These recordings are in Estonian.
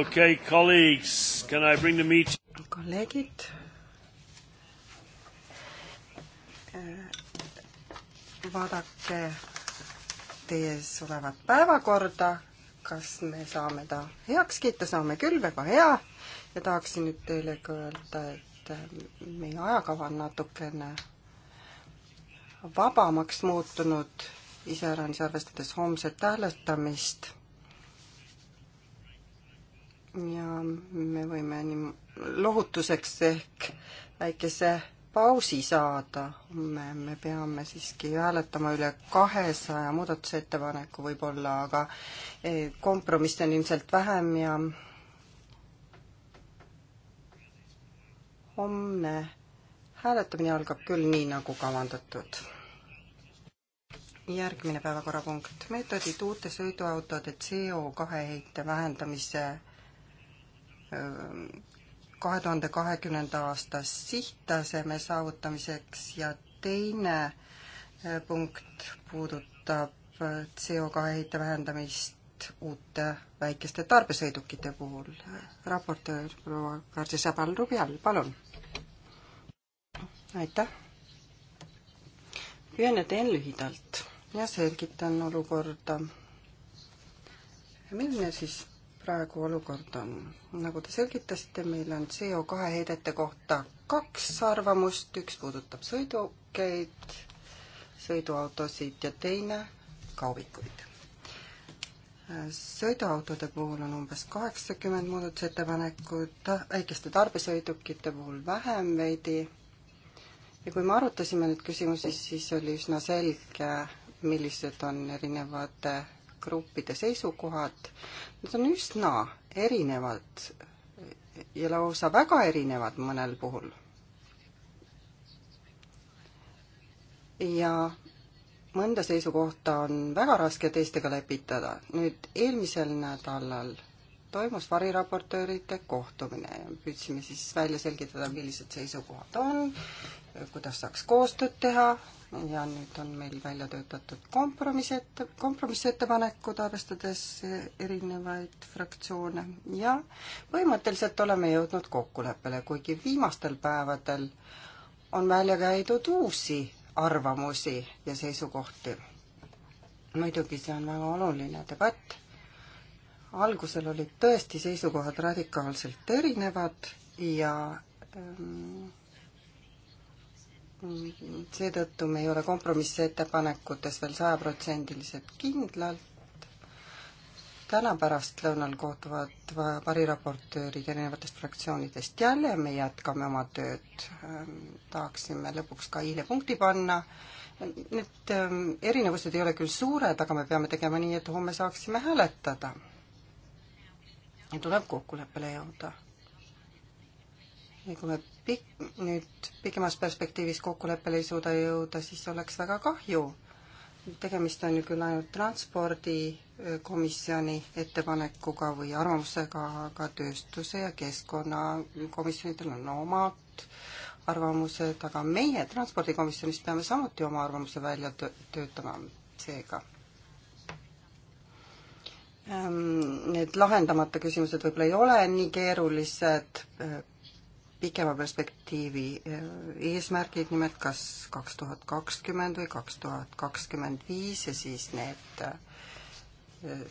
Okay, colleagues, can I bring the meeting? kolleegid. Äh, vaadake teie ees olevat päevakorda, kas me saame ta heaks kiita, saame küll, väga hea. ja tahaksin nüüd teile ka öelda, et äh, meie ajakava on natukene vabamaks muutunud iseäranis arvestades homset hääletamist. ja me võime nii lohutuseks ehk väikese pausi saada, homme me peame siiski hääletama üle kahesaja muudatusettepaneku võib-olla, aga eh, kompromisse on ilmselt vähem ja homne hääletamine algab küll nii, nagu kavandatud järgmine päevakorrapunkt, meetodid uute sõiduautode CO2 heite vähendamise kahe tuhande kahekümnenda aasta sihttaseme saavutamiseks ja teine punkt puudutab CO2 heite vähendamist uute väikeste tarbesõidukite puhul. raportöör proua Karsi Sabal-Rubial, palun. aitäh. püüan ja teen lühidalt ja selgitan olukorda. milline siis praegu olukord on? nagu te selgitasite, meil on CO2 heidete kohta kaks arvamust, üks puudutab sõidukeid, sõiduautosid ja teine kaubikuid. sõiduautode puhul on umbes kaheksakümmend muudatusettepanekut, väikeste tarbesõidukite puhul vähem veidi ja kui me arutasime neid küsimusi, siis oli üsna selge, millised on erinevate gruppide seisukohad, need on üsna erinevad ja lausa väga erinevad mõnel puhul. ja mõnda seisukohta on väga raske teistega lepitada. nüüd eelmisel nädalal toimus variraportööride kohtumine ja püüdsime siis välja selgitada, millised seisukohad on kuidas saaks koostööd teha ja nüüd on meil välja töötatud kompromissette, kompromissettepanekud, arvestades erinevaid fraktsioone ja põhimõtteliselt oleme jõudnud kokkuleppele, kuigi viimastel päevadel on välja käidud uusi arvamusi ja seisukohti. muidugi see on väga oluline debatt. algusel olid tõesti seisukohad radikaalselt erinevad ja ähm, seetõttu me ei ole kompromissettepanekutes veel sajaprotsendiliselt kindlalt. täna pärastlõunal kohtuvad variraportöörid erinevatest fraktsioonidest jälle, me jätkame oma tööd. Ähm, tahaksime lõpuks ka i-le punkti panna. Need ähm, erinevused ei ole küll suured, aga me peame tegema nii, et homme saaksime hääletada. ja tuleb kokkuleppele jõuda ja kui me pik-, nüüd pikemas perspektiivis kokkuleppele ei suuda jõuda, siis oleks väga kahju. tegemist on ju küll ainult transpordikomisjoni ettepanekuga või arvamusega, aga tööstuse ja keskkonnakomisjonidel on omad arvamused, aga meie transpordikomisjonis peame samuti oma arvamuse välja töötama, seega ehm, Need lahendamata küsimused võib-olla ei ole nii keerulised, pikema perspektiivi eh, eesmärgid, nimelt kas kaks tuhat kakskümmend või kaks tuhat kakskümmend viis ja siis need eh,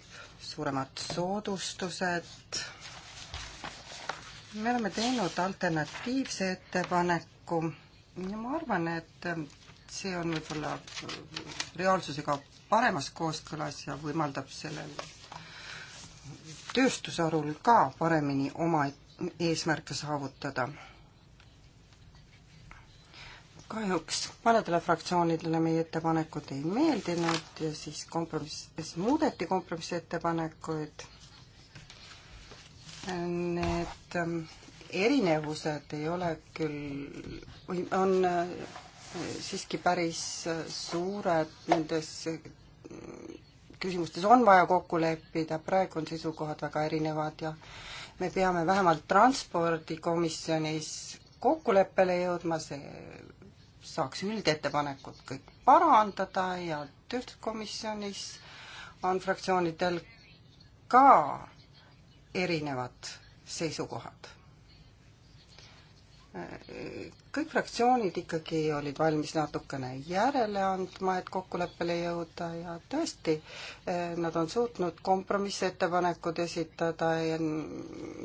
suuremad soodustused. me oleme teinud alternatiivse ettepaneku ja ma arvan, et eh, see on võib-olla reaalsusega paremas kooskõlas ja võimaldab sellel tööstusharul ka paremini oma eesmärke saavutada. kahjuks paljudele fraktsioonidele meie ettepanekud ei meeldinud ja siis kompromiss, siis muudeti kompromissettepanekuid. Need ähm, erinevused ei ole küll, või on äh, siiski päris äh, suured nendes äh, küsimustes on vaja kokku leppida, praegu on seisukohad väga erinevad ja me peame vähemalt transpordikomisjonis kokkuleppele jõudma, see saaks üldettepanekut kõik parandada ja tööstuskomisjonis on fraktsioonidel ka erinevad seisukohad kõik fraktsioonid ikkagi olid valmis natukene järele andma, et kokkuleppele jõuda ja tõesti, eh, nad on suutnud kompromissettepanekud esitada ja,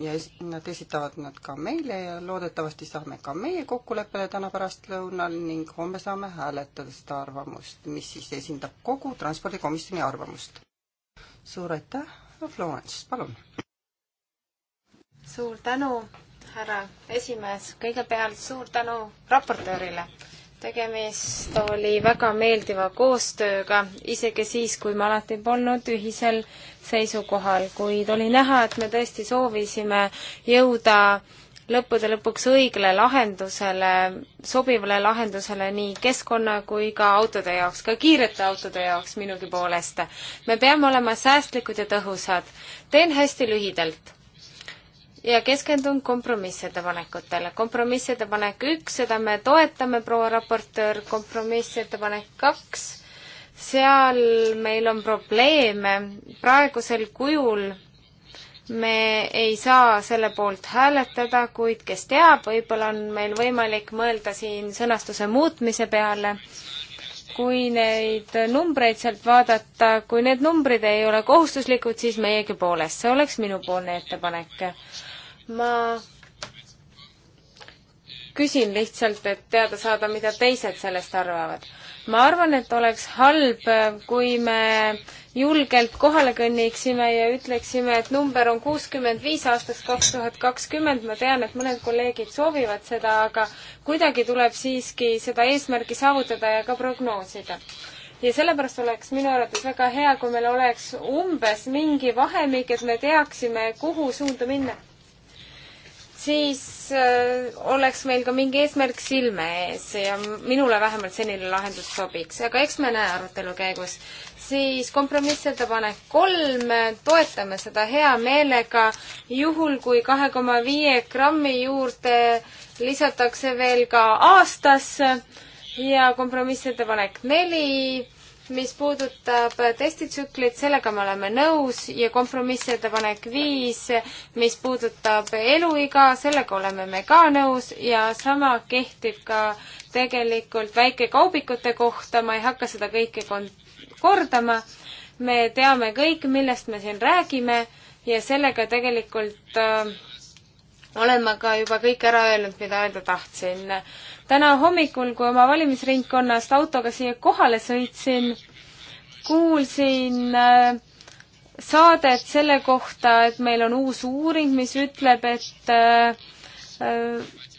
ja nad esitavad nad ka meile ja loodetavasti saame ka meie kokkuleppele täna pärastlõunal ning homme saame hääletada seda arvamust, mis siis esindab kogu Transpordikomisjoni arvamust. suur aitäh, Florence, palun! suur tänu! härra esimees, kõigepealt suur tänu raportöörile. tegemist oli väga meeldiva koostööga, isegi siis, kui me alati polnud ühisel seisukohal, kuid oli näha, et me tõesti soovisime jõuda lõppude lõpuks õigele lahendusele, sobivale lahendusele nii keskkonna kui ka autode jaoks, ka kiirete autode jaoks minugi poolest. me peame olema säästlikud ja tõhusad. teen hästi lühidalt ja keskendun kompromissettepanekutele. kompromissettepanek üks, seda me toetame, proua raportöör, kompromissettepanek kaks, seal meil on probleeme, praegusel kujul me ei saa selle poolt hääletada, kuid kes teab, võib-olla on meil võimalik mõelda siin sõnastuse muutmise peale. kui neid numbreid sealt vaadata, kui need numbrid ei ole kohustuslikud, siis meiegi poolest, see oleks minupoolne ettepanek ma küsin lihtsalt, et teada saada, mida teised sellest arvavad. ma arvan, et oleks halb, kui me julgelt kohale kõnniksime ja ütleksime, et number on kuuskümmend viis aastast kaks tuhat kakskümmend, ma tean, et mõned kolleegid soovivad seda, aga kuidagi tuleb siiski seda eesmärki saavutada ja ka prognoosida ja sellepärast oleks minu arvates väga hea, kui meil oleks umbes mingi vahemik, et me teaksime, kuhu suunda minna siis äh, oleks meil ka mingi eesmärk silme ees ja minule vähemalt senine lahendus sobiks, aga eks me näe arutelu käigus. siis kompromissettepanek kolm, toetame seda hea meelega, juhul kui kahe koma viie grammi juurde lisatakse veel ka aastas ja kompromissettepanek neli mis puudutab testitsüklit, sellega me oleme nõus ja kompromissettepanek viis, mis puudutab eluiga, sellega oleme me ka nõus ja sama kehtib ka tegelikult väikekaubikute kohta, ma ei hakka seda kõike kordama. me teame kõik, millest me siin räägime ja sellega tegelikult äh, olen ma ka juba kõik ära öelnud, mida öelda tahtsin täna hommikul, kui oma valimisringkonnast autoga siia kohale sõitsin, kuulsin äh, saadet selle kohta, et meil on uus uuring, mis ütleb, et äh, äh,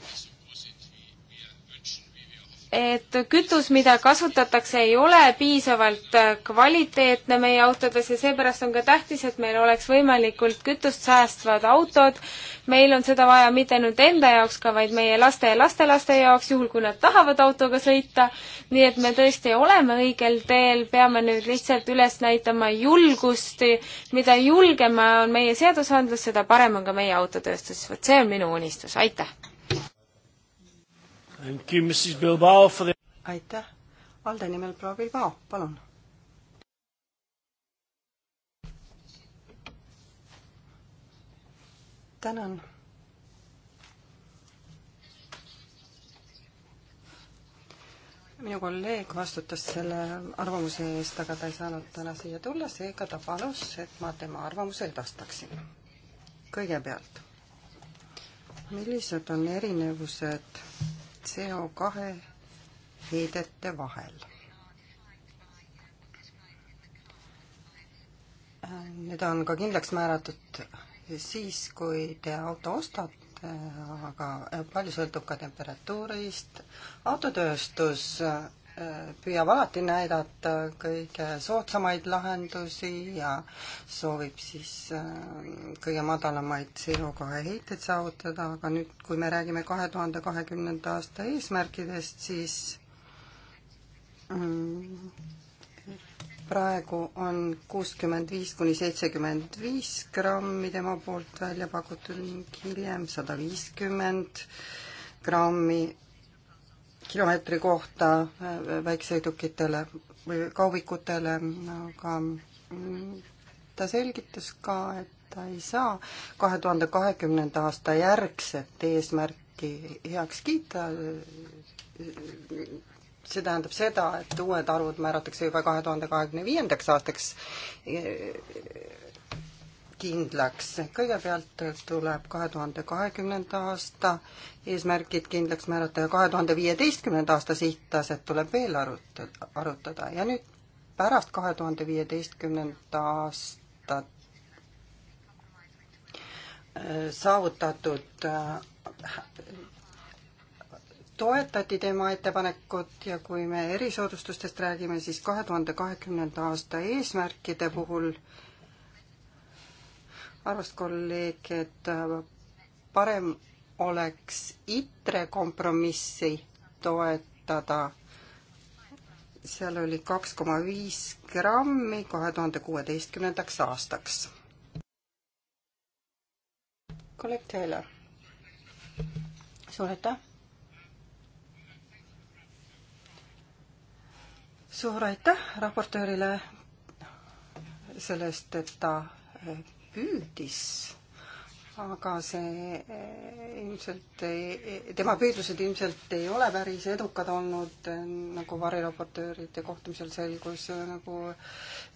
et kütus, mida kasutatakse, ei ole piisavalt äh, kvaliteetne meie autodes ja seepärast on ka tähtis, et meil oleks võimalikult kütust säästvad autod. meil on seda vaja mitte ainult enda jaoks ka, vaid meie laste ja lastelaste jaoks, juhul kui nad tahavad autoga sõita. nii et me tõesti oleme õigel teel, peame nüüd lihtsalt üles näitama julgust. mida julgem on meie seadusandlus, seda parem on ka meie autotööstus. vot see on minu unistus, aitäh! aitäh, Alde nimel proua Bilbao, palun. tänan. minu kolleeg vastutas selle arvamuse eest, aga ta ei saanud täna siia tulla, seega ta palus, et ma tema arvamuse edastaksin. kõigepealt, millised on erinevused CO2 heidete vahel. Need on ka kindlaks määratud siis, kui te auto ostate, aga palju sõltub ka temperatuurist. autotööstus püüab alati näidata kõige soodsamaid lahendusi ja soovib siis äh, kõige madalamaid CO2 heiteid saavutada, aga nüüd, kui me räägime kahe tuhande kahekümnenda aasta eesmärkidest, siis mm, praegu on kuuskümmend viis kuni seitsekümmend viis grammi tema poolt välja pakutud ning hiljem sada viiskümmend grammi kilomeetri kohta äh, väiksõidukitele või kaubikutele, aga mm, ta selgitas ka, et ta ei saa kahe tuhande kahekümnenda aasta järgset eesmärki heaks kiita. see tähendab seda, et uued arvud määratakse juba kahe tuhande kahekümne viiendaks aastaks kindlaks. kõigepealt tuleb kahe tuhande kahekümnenda aasta eesmärgid kindlaks määrata ja kahe tuhande viieteistkümnenda aasta sihttaset tuleb veel arutada, arutada ja nüüd pärast kahe tuhande viieteistkümnenda aastat äh, saavutatud äh, toetati tema ettepanekut ja kui me erisoodustustest räägime, siis kahe tuhande kahekümnenda aasta eesmärkide puhul äh, arvas kolleeg, et äh, parem oleks ITRE kompromissi toetada. seal oli kaks koma viis grammi kahe tuhande kuueteistkümnendaks aastaks. kolleeg Taylor. suur aitäh. suur aitäh raportöörile selle eest, et ta äh, püüdis, aga see eh, ilmselt ei, eh, tema püüdlused ilmselt ei ole päris edukad olnud, eh, nagu variraportööride kohtumisel selgus, nagu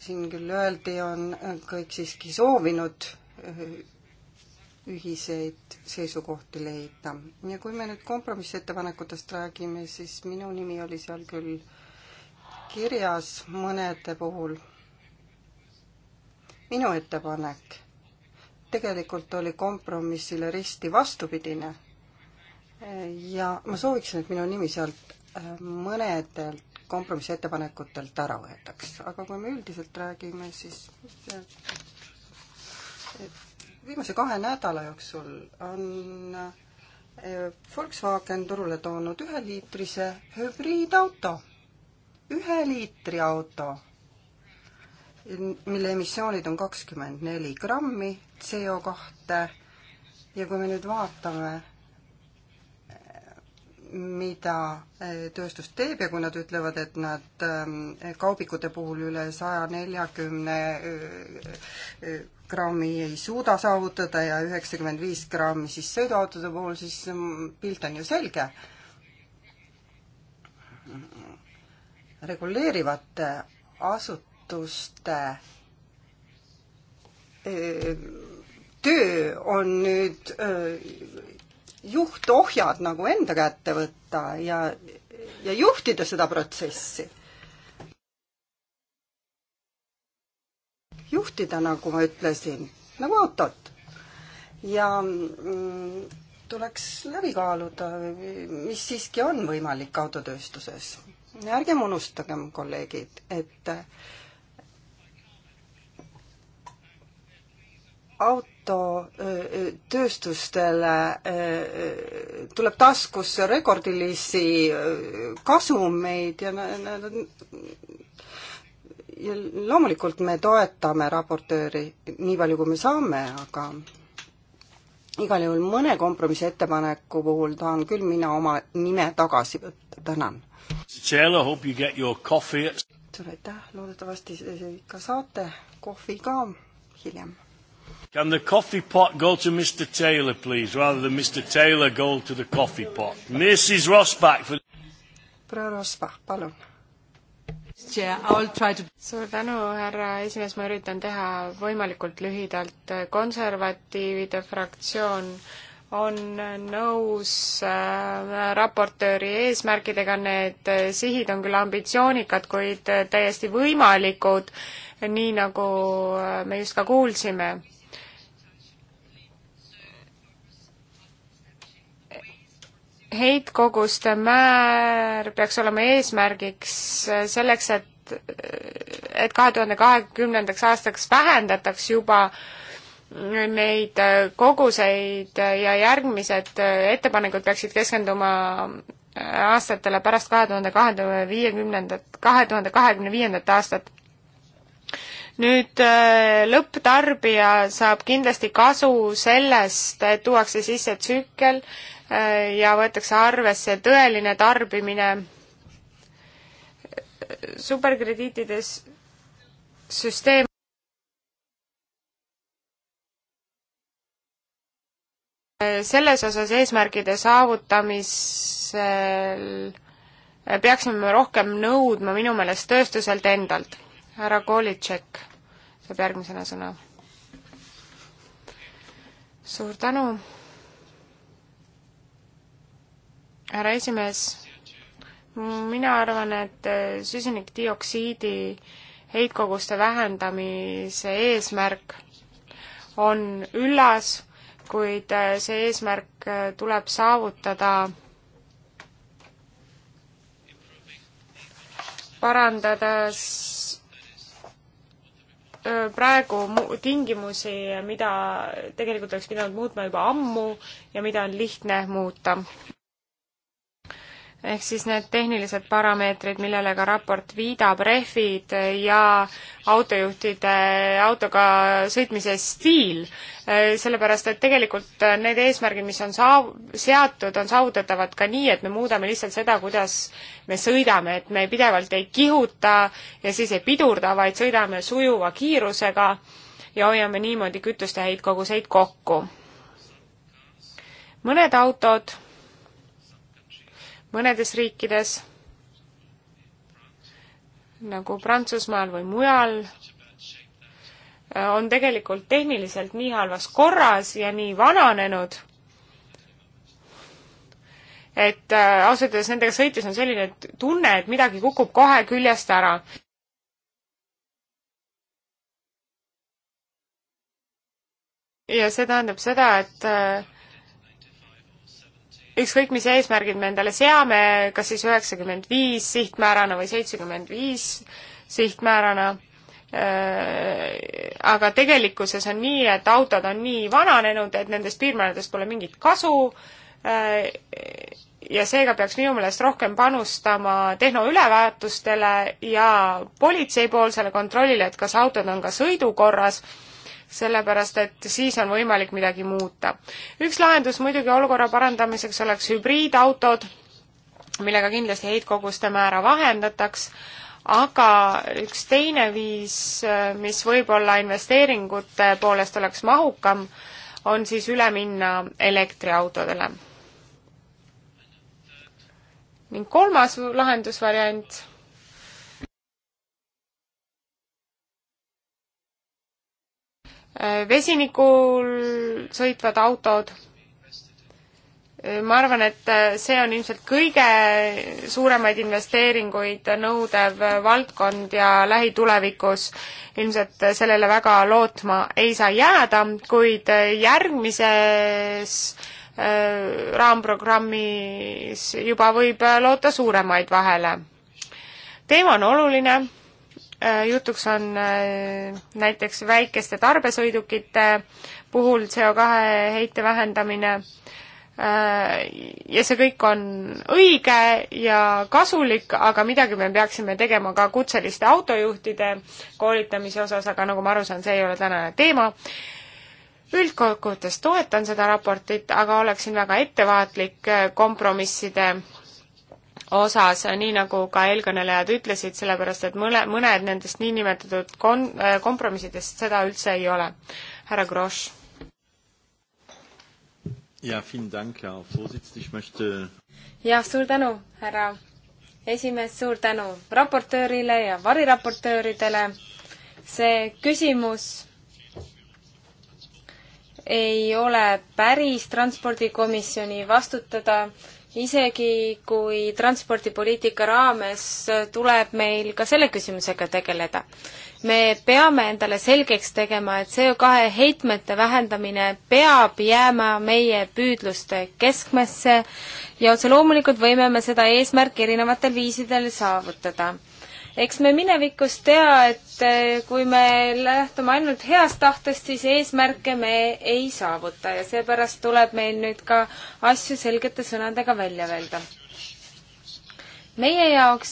siin küll öeldi, on kõik siiski soovinud ühiseid seisukohti leida. ja kui me nüüd kompromissettepanekutest räägime, siis minu nimi oli seal küll kirjas mõnede puhul minu ettepanek tegelikult oli kompromissile risti vastupidine. ja ma sooviksin, et minu nimi sealt äh, mõnedelt kompromissettepanekutelt ära võetaks, aga kui me üldiselt räägime, siis viimase kahe nädala jooksul on äh, Volkswagen turule toonud üheliitrise hübriidauto, ühe liitri auto mille emissioonid on kakskümmend neli grammi CO kahte ja kui me nüüd vaatame, mida eh, tööstus teeb ja kui nad ütlevad, et nad ehm, kaubikute puhul üle saja neljakümne eh, eh, grammi ei suuda saavutada ja üheksakümmend viis grammi siis sõiduautode puhul, siis mm, pilt on ju selge. reguleerivate asut-, teaduste töö on nüüd juhtohjad nagu enda kätte võtta ja, ja juhtida seda protsessi. juhtida, nagu ma ütlesin, nagu autot. ja mm, tuleks läbi kaaluda, mis siiski on võimalik autotööstuses. ärgem unustagem, kolleegid, et äh, autotööstustele tuleb taskusse rekordilisi kasumeid ja ja loomulikult me toetame raportööri nii palju, kui me saame, aga igal juhul mõne kompromissettepaneku puhul tahan küll mina oma nime tagasi võtta, tänan. suur aitäh, loodetavasti ikka äh, saate kohvi ka hiljem Can the coffee pot go to Mr Taylor please rather than Mr Taylor go to the coffee pot? Mrs Rosbach for... proua Rosbach, palun. To... suur tänu, härra esimees, ma üritan teha võimalikult lühidalt. konservatiivide fraktsioon on nõus äh, raportööri eesmärkidega, need äh, sihid on küll ambitsioonikad, kuid äh, täiesti võimalikud, nii nagu me just ka kuulsime heitkoguste määr peaks olema eesmärgiks selleks, et et kahe tuhande kahekümnendaks aastaks vähendataks juba neid koguseid ja järgmised ettepanekud peaksid keskenduma aastatele pärast kahe tuhande kahekümne viiekümnendat, kahe tuhande kahekümne viiendat aastat nüüd äh, lõpptarbija saab kindlasti kasu sellest, et tuuakse sisse tsükkel äh, ja võetakse arvesse tõeline tarbimine. superkrediitides süsteem selles osas eesmärgide saavutamisel peaksime rohkem nõudma minu meelest tööstuselt endalt härra Kolitšek saab järgmisena sõna. suur tänu, härra esimees. mina arvan, et süsinikdioksiidi heitkoguste vähendamise eesmärk on üllas, kuid see eesmärk tuleb saavutada parandades praegu tingimusi, mida tegelikult oleks pidanud muutma juba ammu ja mida on lihtne muuta ehk siis need tehnilised parameetrid, millele ka raport viidab, rehvid ja autojuhtide autoga sõitmise stiil, äh, sellepärast et tegelikult need eesmärgid, mis on saav-, seatud, on saavutatavad ka nii, et me muudame lihtsalt seda, kuidas me sõidame, et me pidevalt ei kihuta ja siis ei pidurda, vaid sõidame sujuva kiirusega ja hoiame niimoodi kütuste heitkoguseid kokku. mõned autod mõnedes riikides, nagu Prantsusmaal või mujal, on tegelikult tehniliselt nii halvas korras ja nii vananenud, et äh, ausalt öeldes nendega sõites on selline tunne, et midagi kukub kohe küljest ära. ja see tähendab seda, et äh, ükskõik, mis eesmärgid me endale seame, kas siis üheksakümmend viis sihtmäärana või seitsekümmend viis sihtmäärana, äh, aga tegelikkuses on nii, et autod on nii vananenud, et nendest piirmääradest pole mingit kasu äh, ja seega peaks minu meelest rohkem panustama tehnoülevaatustele ja politseipoolsele kontrollile, et kas autod on ka sõidukorras sellepärast et siis on võimalik midagi muuta. üks lahendus muidugi olukorra parandamiseks oleks hübriidautod, millega kindlasti heitkoguste määra vähendataks, aga üks teine viis, mis võib-olla investeeringute poolest oleks mahukam, on siis üle minna elektriautodele. ning kolmas lahendusvariant Äh, vesinikul sõitvad autod. Äh, ma arvan, et äh, see on ilmselt kõige suuremaid investeeringuid nõudev valdkond ja lähitulevikus ilmselt sellele väga lootma ei saa jääda, kuid järgmises raamprogrammis juba võib loota suuremaid vahele. teema on oluline Äh, jutuks on äh, näiteks väikeste tarbesõidukite puhul CO2 heite vähendamine äh, ja see kõik on õige ja kasulik, aga midagi me peaksime tegema ka kutseliste autojuhtide koolitamise osas, aga nagu ma aru saan, see ei ole tänane teema. üldkokkuvõttes toetan seda raportit, aga oleksin väga ettevaatlik kompromisside osas, nii nagu ka eelkõnelejad ütlesid, sellepärast et mõle, mõned nendest niinimetatud kon-, äh, kompromissidest seda üldse ei ole. härra Grosch. jah, suur tänu, härra esimees, suur tänu raportöörile ja variraportööridele. see küsimus ei ole päris transpordikomisjoni vastutada isegi kui transpordipoliitika raames tuleb meil ka selle küsimusega tegeleda. me peame endale selgeks tegema, et CO2 heitmete vähendamine peab jääma meie püüdluste keskmesse ja otse loomulikult võime me seda eesmärki erinevatel viisidel saavutada eks me minevikus tea, et eh, kui me lähtume ainult heast tahtest, siis eesmärke me ei saavuta ja seepärast tuleb meil nüüd ka asju selgete sõnadega välja öelda. meie jaoks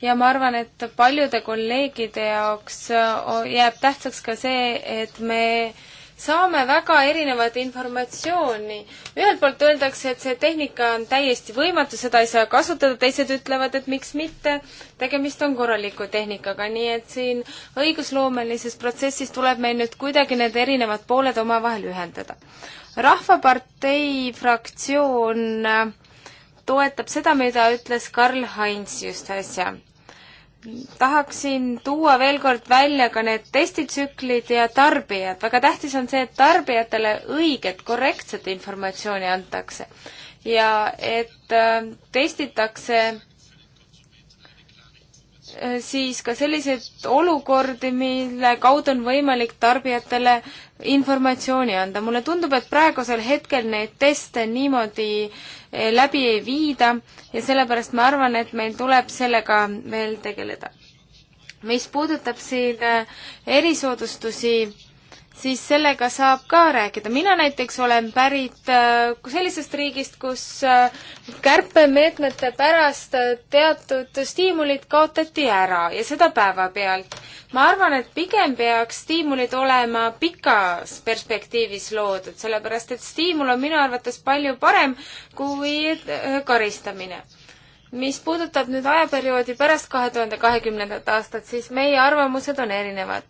ja ma arvan, et paljude kolleegide jaoks eh, jääb tähtsaks ka see, et me saame väga erinevat informatsiooni. ühelt poolt öeldakse, et see tehnika on täiesti võimatu, seda ei saa kasutada, teised ütlevad, et miks mitte, tegemist on korraliku tehnikaga, nii et siin õigusloomelises protsessis tuleb meil nüüd kuidagi need erinevad pooled omavahel ühendada. rahvapartei fraktsioon äh, toetab seda, mida ütles Karl Heinz just äsja tahaksin tuua veel kord välja ka need testitsüklid ja tarbijad. väga tähtis on see, et tarbijatele õiget, korrektset informatsiooni antakse ja et äh, testitakse Äh, siis ka selliseid olukordi, mille kaudu on võimalik tarbijatele informatsiooni anda. mulle tundub, et praegusel hetkel neid teste niimoodi äh, läbi ei viida ja sellepärast ma arvan, et meil tuleb sellega veel tegeleda. mis puudutab siin äh, erisoodustusi, siis sellega saab ka rääkida. mina näiteks olen pärit äh, sellisest riigist, kus äh, kärpemeetmete pärast äh, teatud stiimulid kaotati ära ja seda päevapealt. ma arvan, et pigem peaks stiimulid olema pikas perspektiivis loodud, sellepärast et stiimul on minu arvates palju parem kui karistamine mis puudutab nüüd ajaperioodi pärast kahe tuhande kahekümnendat aastat, siis meie arvamused on erinevad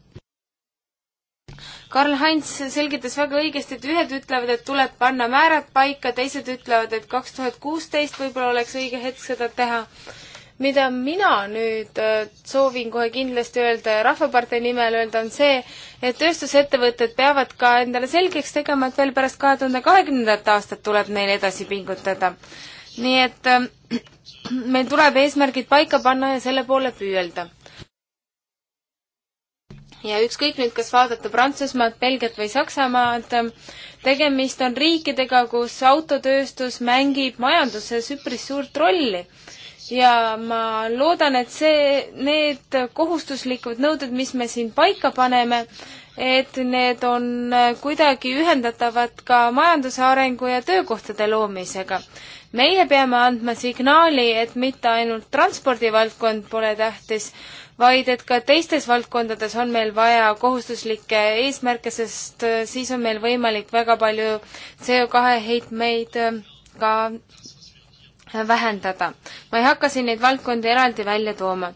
Karl-Heinz selgitas väga õigesti, et ühed ütlevad, et tuleb panna määrad paika, teised ütlevad, et kaks tuhat kuusteist võib-olla oleks õige hetk seda teha. mida mina nüüd äh, soovin kohe kindlasti öelda ja Rahvapartei nimel öelda, on see, et tööstusettevõtted peavad ka endale selgeks tegema, et veel pärast kahe tuhande kahekümnendat aastat tuleb neil edasi pingutada. nii et äh, meil tuleb eesmärgid paika panna ja selle poole püüelda ja ükskõik nüüd, kas vaadata Prantsusmaad, Belgiat või Saksamaad, tegemist on riikidega, kus autotööstus mängib majanduses üpris suurt rolli. ja ma loodan, et see, need kohustuslikud nõuded, mis me siin paika paneme, et need on kuidagi ühendatavad ka majanduse arengu ja töökohtade loomisega. meie peame andma signaali, et mitte ainult transpordivaldkond pole tähtis, vaid et ka teistes valdkondades on meil vaja kohustuslikke eesmärke, sest äh, siis on meil võimalik väga palju CO2 heitmeid äh, ka vähendada. ma ei hakka siin neid valdkondi eraldi välja tooma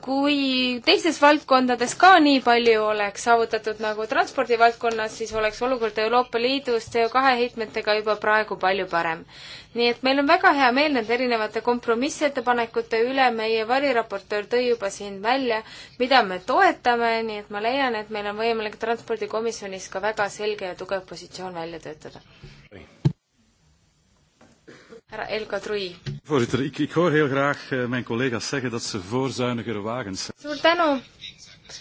kui teistes valdkondades ka nii palju oleks saavutatud nagu transpordivaldkonnas, siis oleks olukord Euroopa Liidus CO2 heitmetega juba praegu palju parem. nii et meil on väga hea meel nende erinevate kompromissettepanekute üle, meie variraportöör tõi juba siin välja, mida me toetame, nii et ma leian, et meil on võimalik transpordikomisjonis ka väga selge ja tugev positsioon välja töötada härra Elko Trui. Voorzitter, ik, ik hoor heel graag eh, mijn collega's zeggen dat ze voor zuinigere wagens zijn. suur tänu!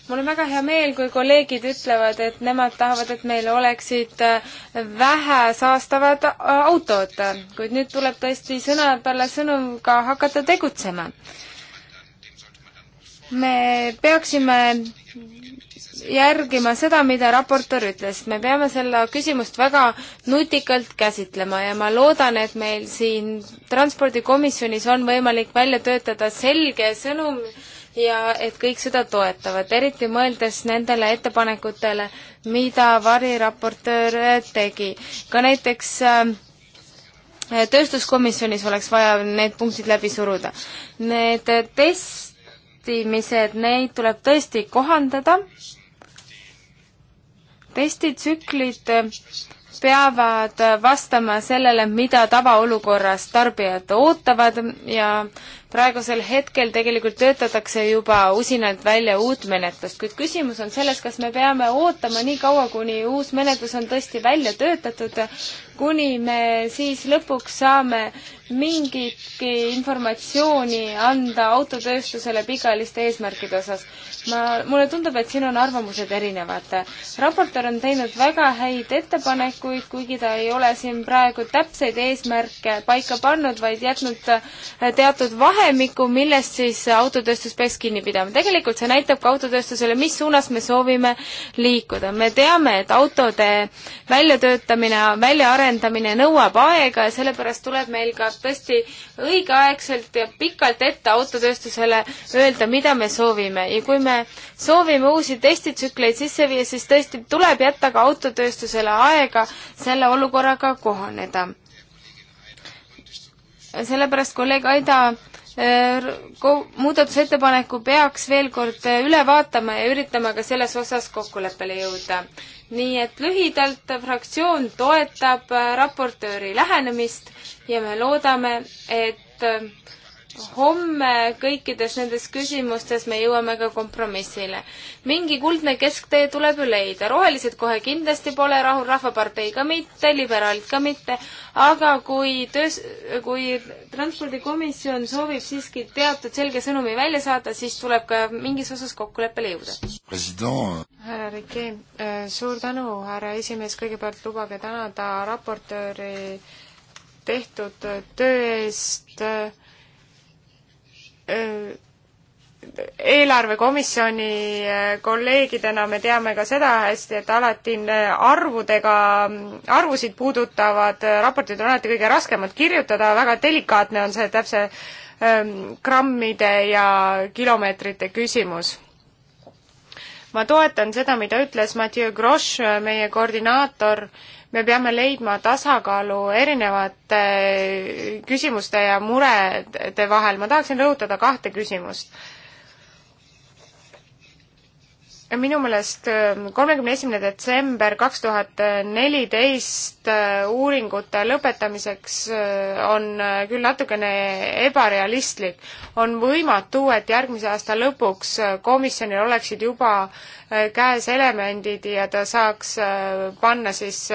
mul on väga hea meel, kui kolleegid ütlevad, et nemad tahavad, et meil oleksid eh, vähe saastavad eh, autod, kuid nüüd tuleb tõesti sõna peale sõnumiga hakata tegutsema. me peaksime järgima seda, mida raportöör ütles, me peame seda küsimust väga nutikalt käsitlema ja ma loodan, et meil siin transpordikomisjonis on võimalik välja töötada selge sõnum ja et kõik seda toetavad, eriti mõeldes nendele ettepanekutele, mida variraportöör tegi. ka näiteks äh, tööstuskomisjonis oleks vaja need punktid läbi suruda. Need testimised, neid tuleb tõesti kohandada testitsüklid eh, peavad eh, vastama sellele, mida tavaolukorras tarbijad ootavad ja praegusel hetkel tegelikult töötatakse juba usinalt välja uut menetlust, kuid küsimus on selles, kas me peame ootama nii kaua, kuni uus menetlus on tõesti välja töötatud, kuni me siis lõpuks saame mingitki informatsiooni anda autotööstusele pikaajaliste eesmärkide osas ma, mulle tundub, et siin on arvamused erinevad. raportöör on teinud väga häid ettepanekuid, kuigi ta ei ole siin praegu täpseid eesmärke paika pannud, vaid jätnud teatud vahemikku, millest siis autotööstus peaks kinni pidama. tegelikult see näitab ka autotööstusele, mis suunas me soovime liikuda. me teame, et autode väljatöötamine, väljaarendamine nõuab aega ja sellepärast tuleb meil ka tõesti õigeaegselt ja pikalt ette autotööstusele öelda, mida me soovime ja kui me me soovime uusi testitsükleid sisse viia, siis tõesti tuleb jätta ka autotööstusele aega selle olukorraga kohaneda. sellepärast kolleeg Aida äh, muudatusettepaneku peaks veel kord äh, üle vaatama ja üritama ka selles osas kokkuleppele jõuda. nii et lühidalt fraktsioon toetab äh, raportööri lähenemist ja me loodame, et homme kõikides nendes küsimustes me jõuame ka kompromissile. mingi kuldne kesktee tuleb ju leida, rohelised kohe kindlasti pole rahul, Rahvapartei ka mitte, liberaalid ka mitte, aga kui töös, kui transpordikomisjon soovib siiski teatud selge sõnumi välja saada, siis tuleb ka mingis osas kokkuleppele jõuda. härra Riki, äh, suur tänu, härra esimees, kõigepealt lubage tänada raportööri tehtud töö eest äh, eelarvekomisjoni äh, kolleegidena me teame ka seda hästi, et alati äh, arvudega, mm, arvusid puudutavad äh, raportid on alati kõige raskemad kirjutada, väga delikaatne on see täpse ähm, grammide ja kilomeetrite küsimus ma toetan seda, mida ütles Mathieu Grosch, meie koordinaator, me peame leidma tasakaalu erinevate küsimuste ja murede vahel. ma tahaksin rõhutada kahte küsimust minu meelest ähm, kolmekümne esimene detsember kaks tuhat neliteist äh, uuringute lõpetamiseks äh, on äh, küll natukene ebarealistlik. on võimatu, et järgmise aasta lõpuks komisjonil oleksid juba käes elemendid ja ta saaks panna siis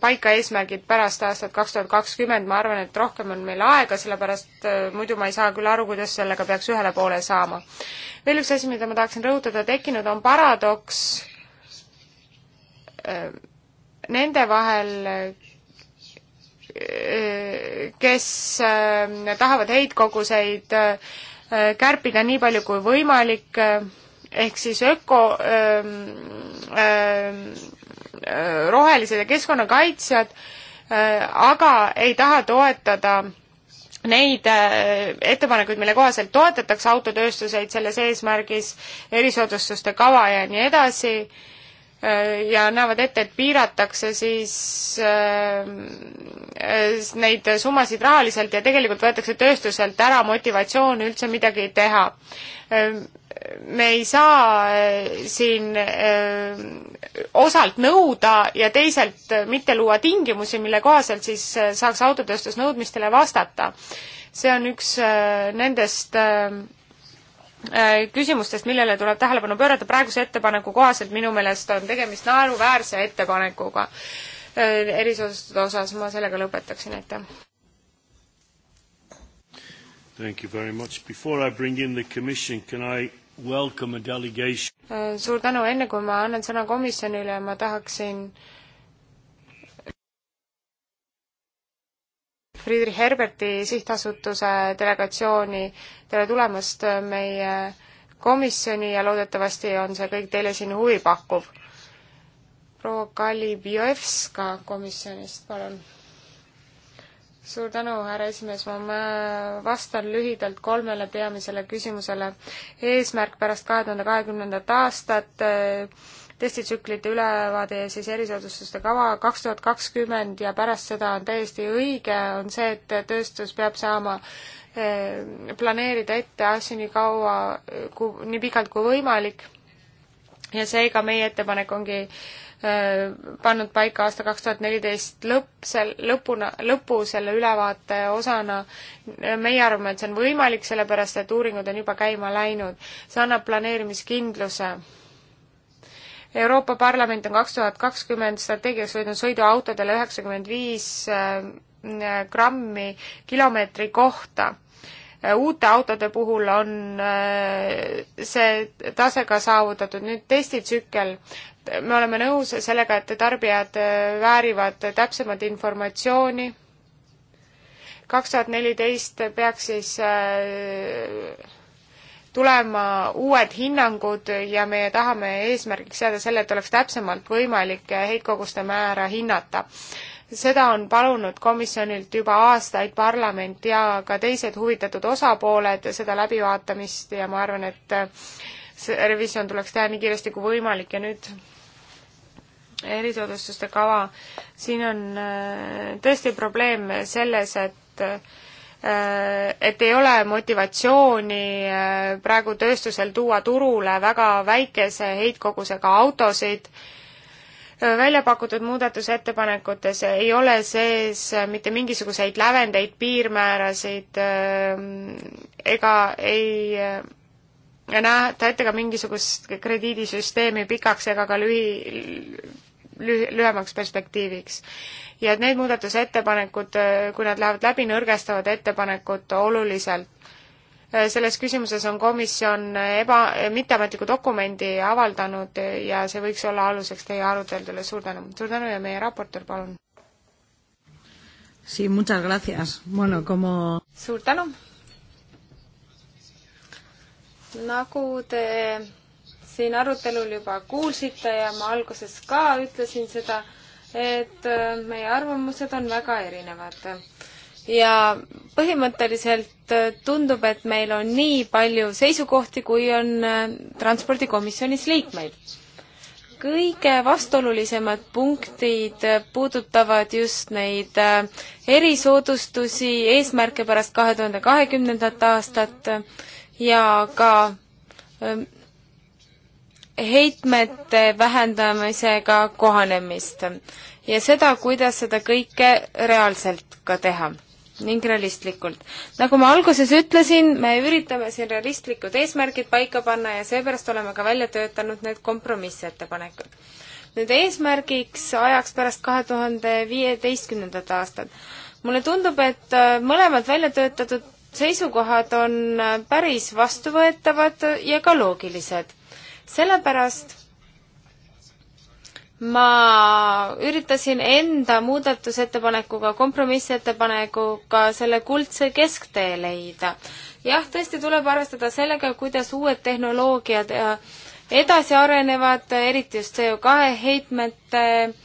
paika eesmärgid pärast aastat kaks tuhat kakskümmend, ma arvan, et rohkem on meil aega, sellepärast muidu ma ei saa küll aru, kuidas sellega peaks ühele poole saama veel üks asi, mida ma tahaksin rõhutada, tekkinud on paradoks äh, nende vahel, äh, kes äh, tahavad heitkoguseid kärpida nii palju kui võimalik, ehk siis öko, ähm, rohelised ja keskkonnakaitsjad, aga ei taha toetada neid äh, ettepanekuid, mille kohaselt toetatakse autotööstuseid selles eesmärgis, erisoodustuste kava ja nii edasi Äh, ja näevad ette, et piiratakse siis ähm, äh, neid summasid rahaliselt ja tegelikult võetakse tööstuselt ära motivatsioon üldse midagi teha. Ähm, me ei saa äh, siin osalt nõuda ja teisalt mitte luua tingimusi, mille kohaselt siis saaks autotööstus nõudmistele vastata. see on üks nendest Äh, küsimustest, millele tuleb tähelepanu pöörata, praeguse ettepaneku kohaselt minu meelest on tegemist naeruväärse ettepanekuga. Äh, erisoodustuste osas ma sellega lõpetaksin, aitäh. Thank you very much. Before I bring in the commission, can I welcome a delegation? Äh, suur tänu, enne kui ma annan sõna komisjonile, ma tahaksin äh, Friedrich Herberti sihtasutuse delegatsiooni. tere tulemast meie komisjoni ja loodetavasti on see kõik teile siin huvipakkuv. proua Kalibjevska komisjonist, palun. suur tänu, härra esimees, ma vastan lühidalt kolmele peamisele küsimusele. eesmärk pärast kahe tuhande kahekümnendat aastat äh, testitsüklite ülevaade ja siis erisoodustuste kava kaks tuhat kakskümmend ja pärast seda on täiesti õige, on see, et tööstus peab saama eh, planeerida ette asju nii kaua, nii pikalt kui võimalik ja seega meie ettepanek ongi eh, pannud paika aasta kaks tuhat neliteist lõpp, sel-, lõpuna, lõpu selle ülevaate osana. meie arvame, et see on võimalik, sellepärast et uuringud on juba käima läinud. see annab planeerimiskindluse Euroopa Parlament on kaks tuhat kakskümmend strateegias hoidnud sõiduautodele üheksakümmend viis äh, grammi kilomeetri kohta. Äh, uute autode puhul on äh, see tase ka saavutatud, nüüd testitsükkel, me oleme nõus sellega, et tarbijad väärivad täpsemat informatsiooni, kaks tuhat neliteist peaks siis tulema uued hinnangud ja me tahame eesmärgiks seada selle, et oleks täpsemalt võimalik heitkoguste määra hinnata. seda on palunud komisjonilt juba aastaid parlament ja ka teised huvitatud osapooled seda läbivaatamist ja ma arvan, et see revisjon tuleks teha nii kiiresti kui võimalik ja nüüd erisoodustuste kava, siin on äh, tõesti probleem selles, et Äh, et ei ole motivatsiooni äh, praegu tööstusel tuua turule väga väikese heitkogusega autosid. Äh, välja pakutud muudatusettepanekutes ei ole sees mitte mingisuguseid lävendeid, piirmäärasid ega ei ja näete ette ka mingisugust krediidisüsteemi pikaks ega ka lühi, lühi, lühemaks perspektiiviks ja et need muudatusettepanekud, kui nad lähevad läbi, nõrgestavad ettepanekut oluliselt. selles küsimuses on komisjon eba, mitteametliku dokumendi avaldanud ja see võiks olla aluseks teie aruteludele, suur tänu. suur tänu ja meie raportöör, palun. Sí, muchas gracias. Bueno, como... Suur tänu. Nagu te siin arutelul juba kuulsite ja ma alguses ka ütlesin seda, et äh, meie arvamused on väga erinevad. ja põhimõtteliselt äh, tundub, et meil on nii palju seisukohti, kui on äh, transpordikomisjonis liikmeid kõige vastuolulisemad punktid puudutavad just neid erisoodustusi, eesmärke pärast kahe tuhande kahekümnendat aastat ja ka ähm, heitmete vähendamisega kohanemist ja seda, kuidas seda kõike reaalselt ka teha ning realistlikult. nagu ma alguses ütlesin, me üritame siin realistlikud eesmärgid paika panna ja seepärast oleme ka välja töötanud need kompromissettepanekud. nüüd eesmärgiks ajaks pärast kahe tuhande viieteistkümnendat aastat. mulle tundub, et mõlemad välja töötatud seisukohad on päris vastuvõetavad ja ka loogilised sellepärast ma üritasin enda muudatusettepanekuga, kompromissettepanekuga selle kuldse kesktee leida. jah, tõesti tuleb arvestada sellega, kuidas uued tehnoloogiad äh, edasi arenevad, eriti just CO2 heitmete äh,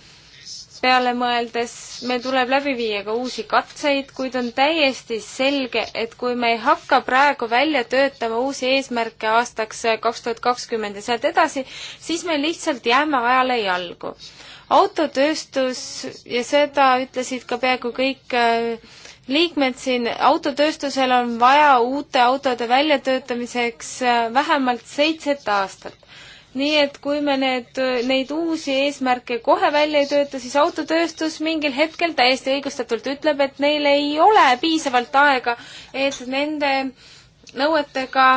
peale mõeldes meil tuleb läbi viia ka uusi katseid, kuid on täiesti selge, et kui me ei hakka praegu välja töötama uusi eesmärke aastaks kaks tuhat kakskümmend ja sealt edasi, siis me lihtsalt jääme ajale jalgu. autotööstus ja seda ütlesid ka peaaegu kõik äh, liikmed siin, autotööstusel on vaja uute autode väljatöötamiseks äh, vähemalt seitset aastat nii et kui me need, neid uusi eesmärke kohe välja ei tööta, siis autotööstus mingil hetkel täiesti õigustatult ütleb, et neil ei ole piisavalt aega, et nende nõuetega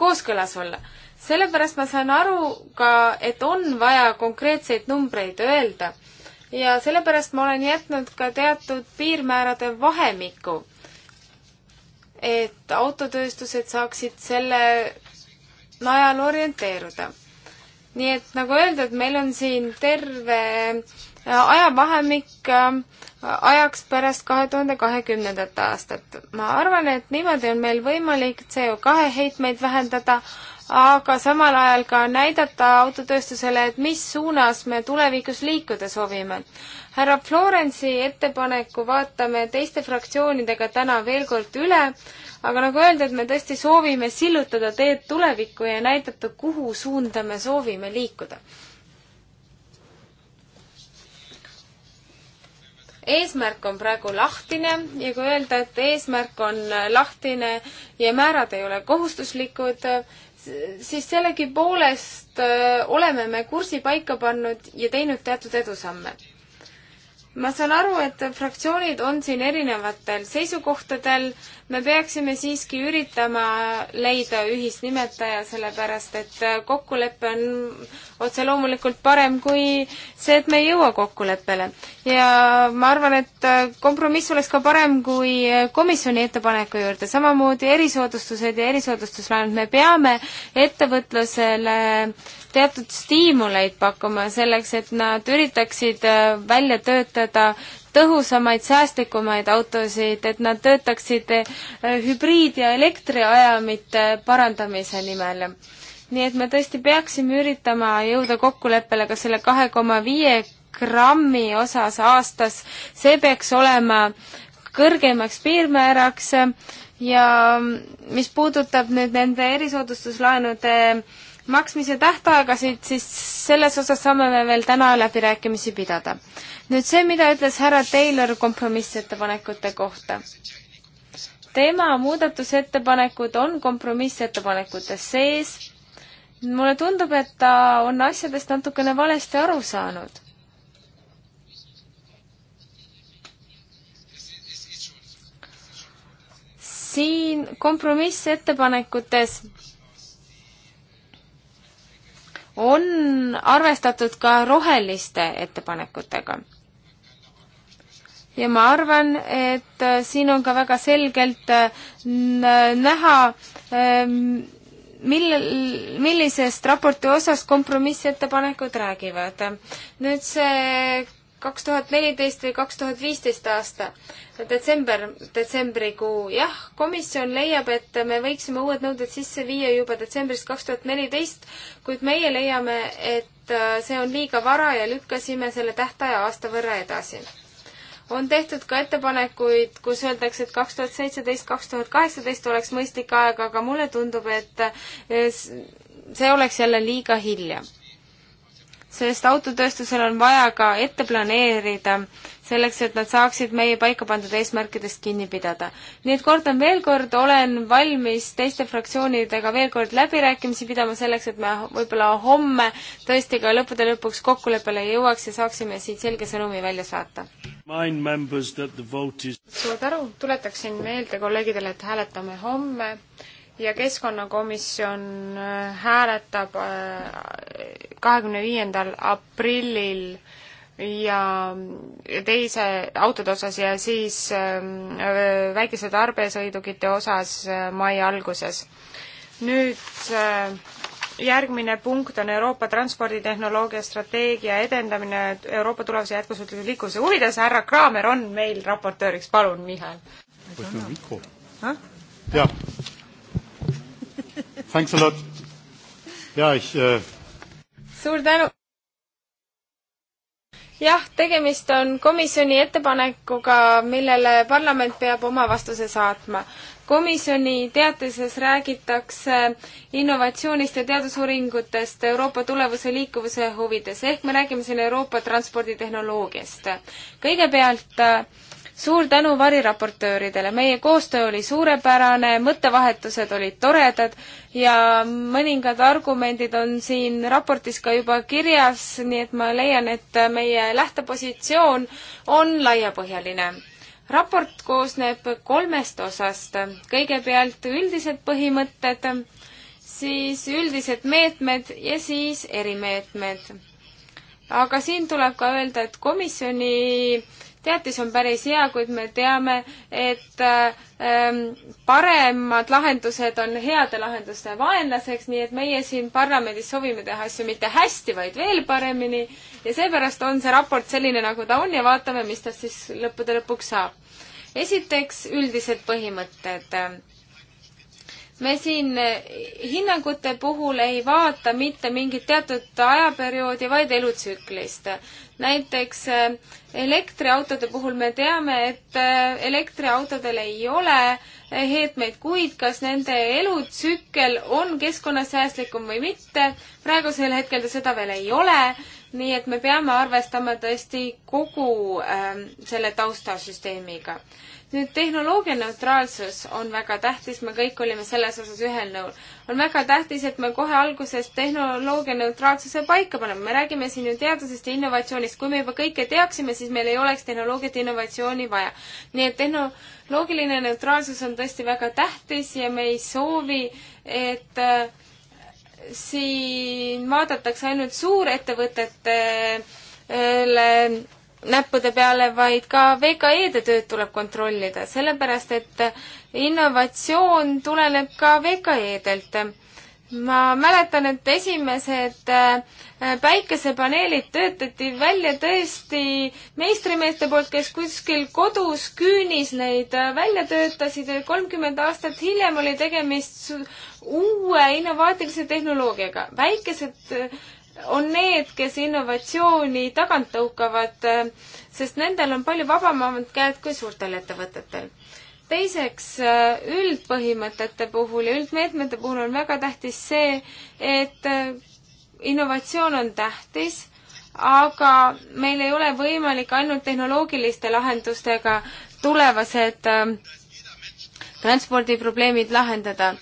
kooskõlas olla. sellepärast ma saan aru ka, et on vaja konkreetseid numbreid öelda ja sellepärast ma olen jätnud ka teatud piirmäärade vahemikku, et autotööstused saaksid selle najal orienteeruda. nii et nagu öeldud, meil on siin terve äh, ajavahemik äh, ajaks pärast kahe tuhande kahekümnendat aastat. ma arvan, et niimoodi on meil võimalik CO2 heitmeid vähendada, aga samal ajal ka näidata autotööstusele, et mis suunas me tulevikus liikuda soovime. härra Florensi ettepaneku vaatame teiste fraktsioonidega täna veel kord üle aga nagu öeldud, me tõesti soovime sillutada teed tulevikku ja näidata, kuhu suunda me soovime liikuda. eesmärk on praegu lahtine ja kui öelda, et eesmärk on lahtine ja määrad ei ole kohustuslikud, siis sellegipoolest äh, oleme me kursi paika pannud ja teinud teatud edusamme ma saan aru, et fraktsioonid on siin erinevatel seisukohtadel me peaksime siiski üritama leida ühisnimetaja, sellepärast et kokkulepe on otse loomulikult parem kui see, et me ei jõua kokkuleppele. ja ma arvan, et kompromiss oleks ka parem kui komisjoni ettepaneku juurde, samamoodi erisoodustused ja erisoodustuslaenud, me peame ettevõtlusele teatud stiimuleid pakkuma selleks, et nad üritaksid välja töötada tõhusamaid, säästlikumaid autosid, et nad töötaksid eh, hübriid- ja elektriajamite parandamise nimel. nii et me tõesti peaksime üritama jõuda kokkuleppele ka selle kahe koma viie grammi osas aastas, see peaks olema kõrgemaks piirmääraks ja mis puudutab nüüd nende erisoodustuslaenude äh, maksmise tähtaegasid, siis selles osas saame me veel täna läbirääkimisi pidada. nüüd see, mida ütles härra Taylor kompromissettepanekute kohta. tema muudatusettepanekud on kompromissettepanekutes sees. mulle tundub, et ta on asjadest natukene valesti aru saanud. siin kompromissettepanekutes on arvestatud ka roheliste ettepanekutega. ja ma arvan, et äh, siin on ka väga selgelt äh, näha, ähm, mill-, millisest raporti osast kompromissettepanekud räägivad. nüüd see kaks tuhat neliteist või kaks tuhat viisteist aasta detsember, detsembrikuu. jah, komisjon leiab, et me võiksime uued nõuded sisse viia juba detsembrist kaks tuhat neliteist, kuid meie leiame, et äh, see on liiga vara ja lükkasime selle tähtaja aasta võrra edasi. on tehtud ka ettepanekuid, kus öeldakse, et kaks tuhat seitseteist, kaks tuhat kaheksateist oleks mõistlik aeg, aga mulle tundub, et äh, see oleks jälle liiga hilja sest autotööstusel on vaja ka ette planeerida, selleks et nad saaksid meie paika pandud eesmärkidest kinni pidada. nii et kordan veel kord, olen valmis teiste fraktsioonidega veel kord läbirääkimisi pidama, selleks et me võib-olla homme tõesti ka lõppude lõpuks kokkuleppele jõuaks ja saaksime siit selge sõnumi välja saata. suur tänu, tuletaksin meelde kolleegidele, et hääletame homme ja Keskkonnakomisjon äh, hääletab äh, kahekümne viiendal aprillil ja teise autode osas ja siis ähm, äh, väikese tarbesõidukite osas mai alguses. nüüd järgmine punkt on Euroopa transporditehnoloogia strateegia edendamine Euroopa tulevase jätkusuutliku liikluse huvides. härra Kraamer on meil raportööriks, palun, Mihhail. jah Thanks a lot. ja ich äh.... suur tänu. jah, tegemist on komisjoni ettepanekuga, millele parlament peab oma vastuse saatma komisjoni teatises räägitakse innovatsioonist ja teadusuuringutest Euroopa tulevuse liikuvuse huvides, ehk me räägime siin Euroopa transporditehnoloogiast. kõigepealt äh, suur tänu variraportööridele, meie koostöö oli suurepärane, mõttevahetused olid toredad ja mõningad argumendid on siin raportis ka juba kirjas, nii et ma leian, et meie lähtepositsioon on laiapõhjaline raport koosneb kolmest osast. kõigepealt üldised põhimõtted, siis üldised meetmed ja siis erimeetmed. aga siin tuleb ka öelda, et komisjoni teatis on päris hea, kuid me teame, et ähm, paremad lahendused on heade lahenduste vaenlaseks, nii et meie siin parlamendis soovime teha asju mitte hästi, vaid veel paremini ja seepärast on see raport selline, nagu ta on ja vaatame, mis tast siis lõppude lõpuks saab. esiteks üldised põhimõtted me siin hinnangute puhul ei vaata mitte mingit teatud ajaperioodi, vaid elutsüklist. näiteks eh, elektriautode puhul me teame, et eh, elektriautodel ei ole eh, heetmeid, kuid kas nende elutsükkel on keskkonnasäästlikum või mitte, praegusel hetkel ta seda veel ei ole nii et me peame arvestama tõesti kogu ähm, selle taustasüsteemiga. nüüd tehnoloogia neutraalsus on väga tähtis, me kõik olime selles osas ühel nõul. on väga tähtis, et me kohe alguses tehnoloogia neutraalsuse paika paneme, me räägime siin ju teadusest ja innovatsioonist, kui me juba kõike teaksime, siis meil ei oleks tehnoloogiat ja innovatsiooni vaja. nii et tehnoloogiline neutraalsus on tõesti väga tähtis ja me ei soovi, et äh, siin vaadatakse ainult suurettevõtetele näppude peale, vaid ka VKE-de tööd tuleb kontrollida, sellepärast et innovatsioon tuleneb ka VKE-delt. ma mäletan, et esimesed äh, päikesepaneelid töötati välja tõesti meistrimeeste poolt, kes kuskil kodus küünis neid äh, välja töötasid ja kolmkümmend aastat hiljem oli tegemist uue innovaatilise tehnoloogiaga. väikesed äh, on need, kes innovatsiooni tagant tõukavad, äh, sest nendel on palju vabamad käed kui suurtel ettevõtetel. teiseks, äh, üldpõhimõtete puhul ja üldmeetmete puhul on väga tähtis see, et innovatsioon on tähtis, aga meil ei ole võimalik ainult tehnoloogiliste lahendustega tulevased transpordiprobleemid lahendada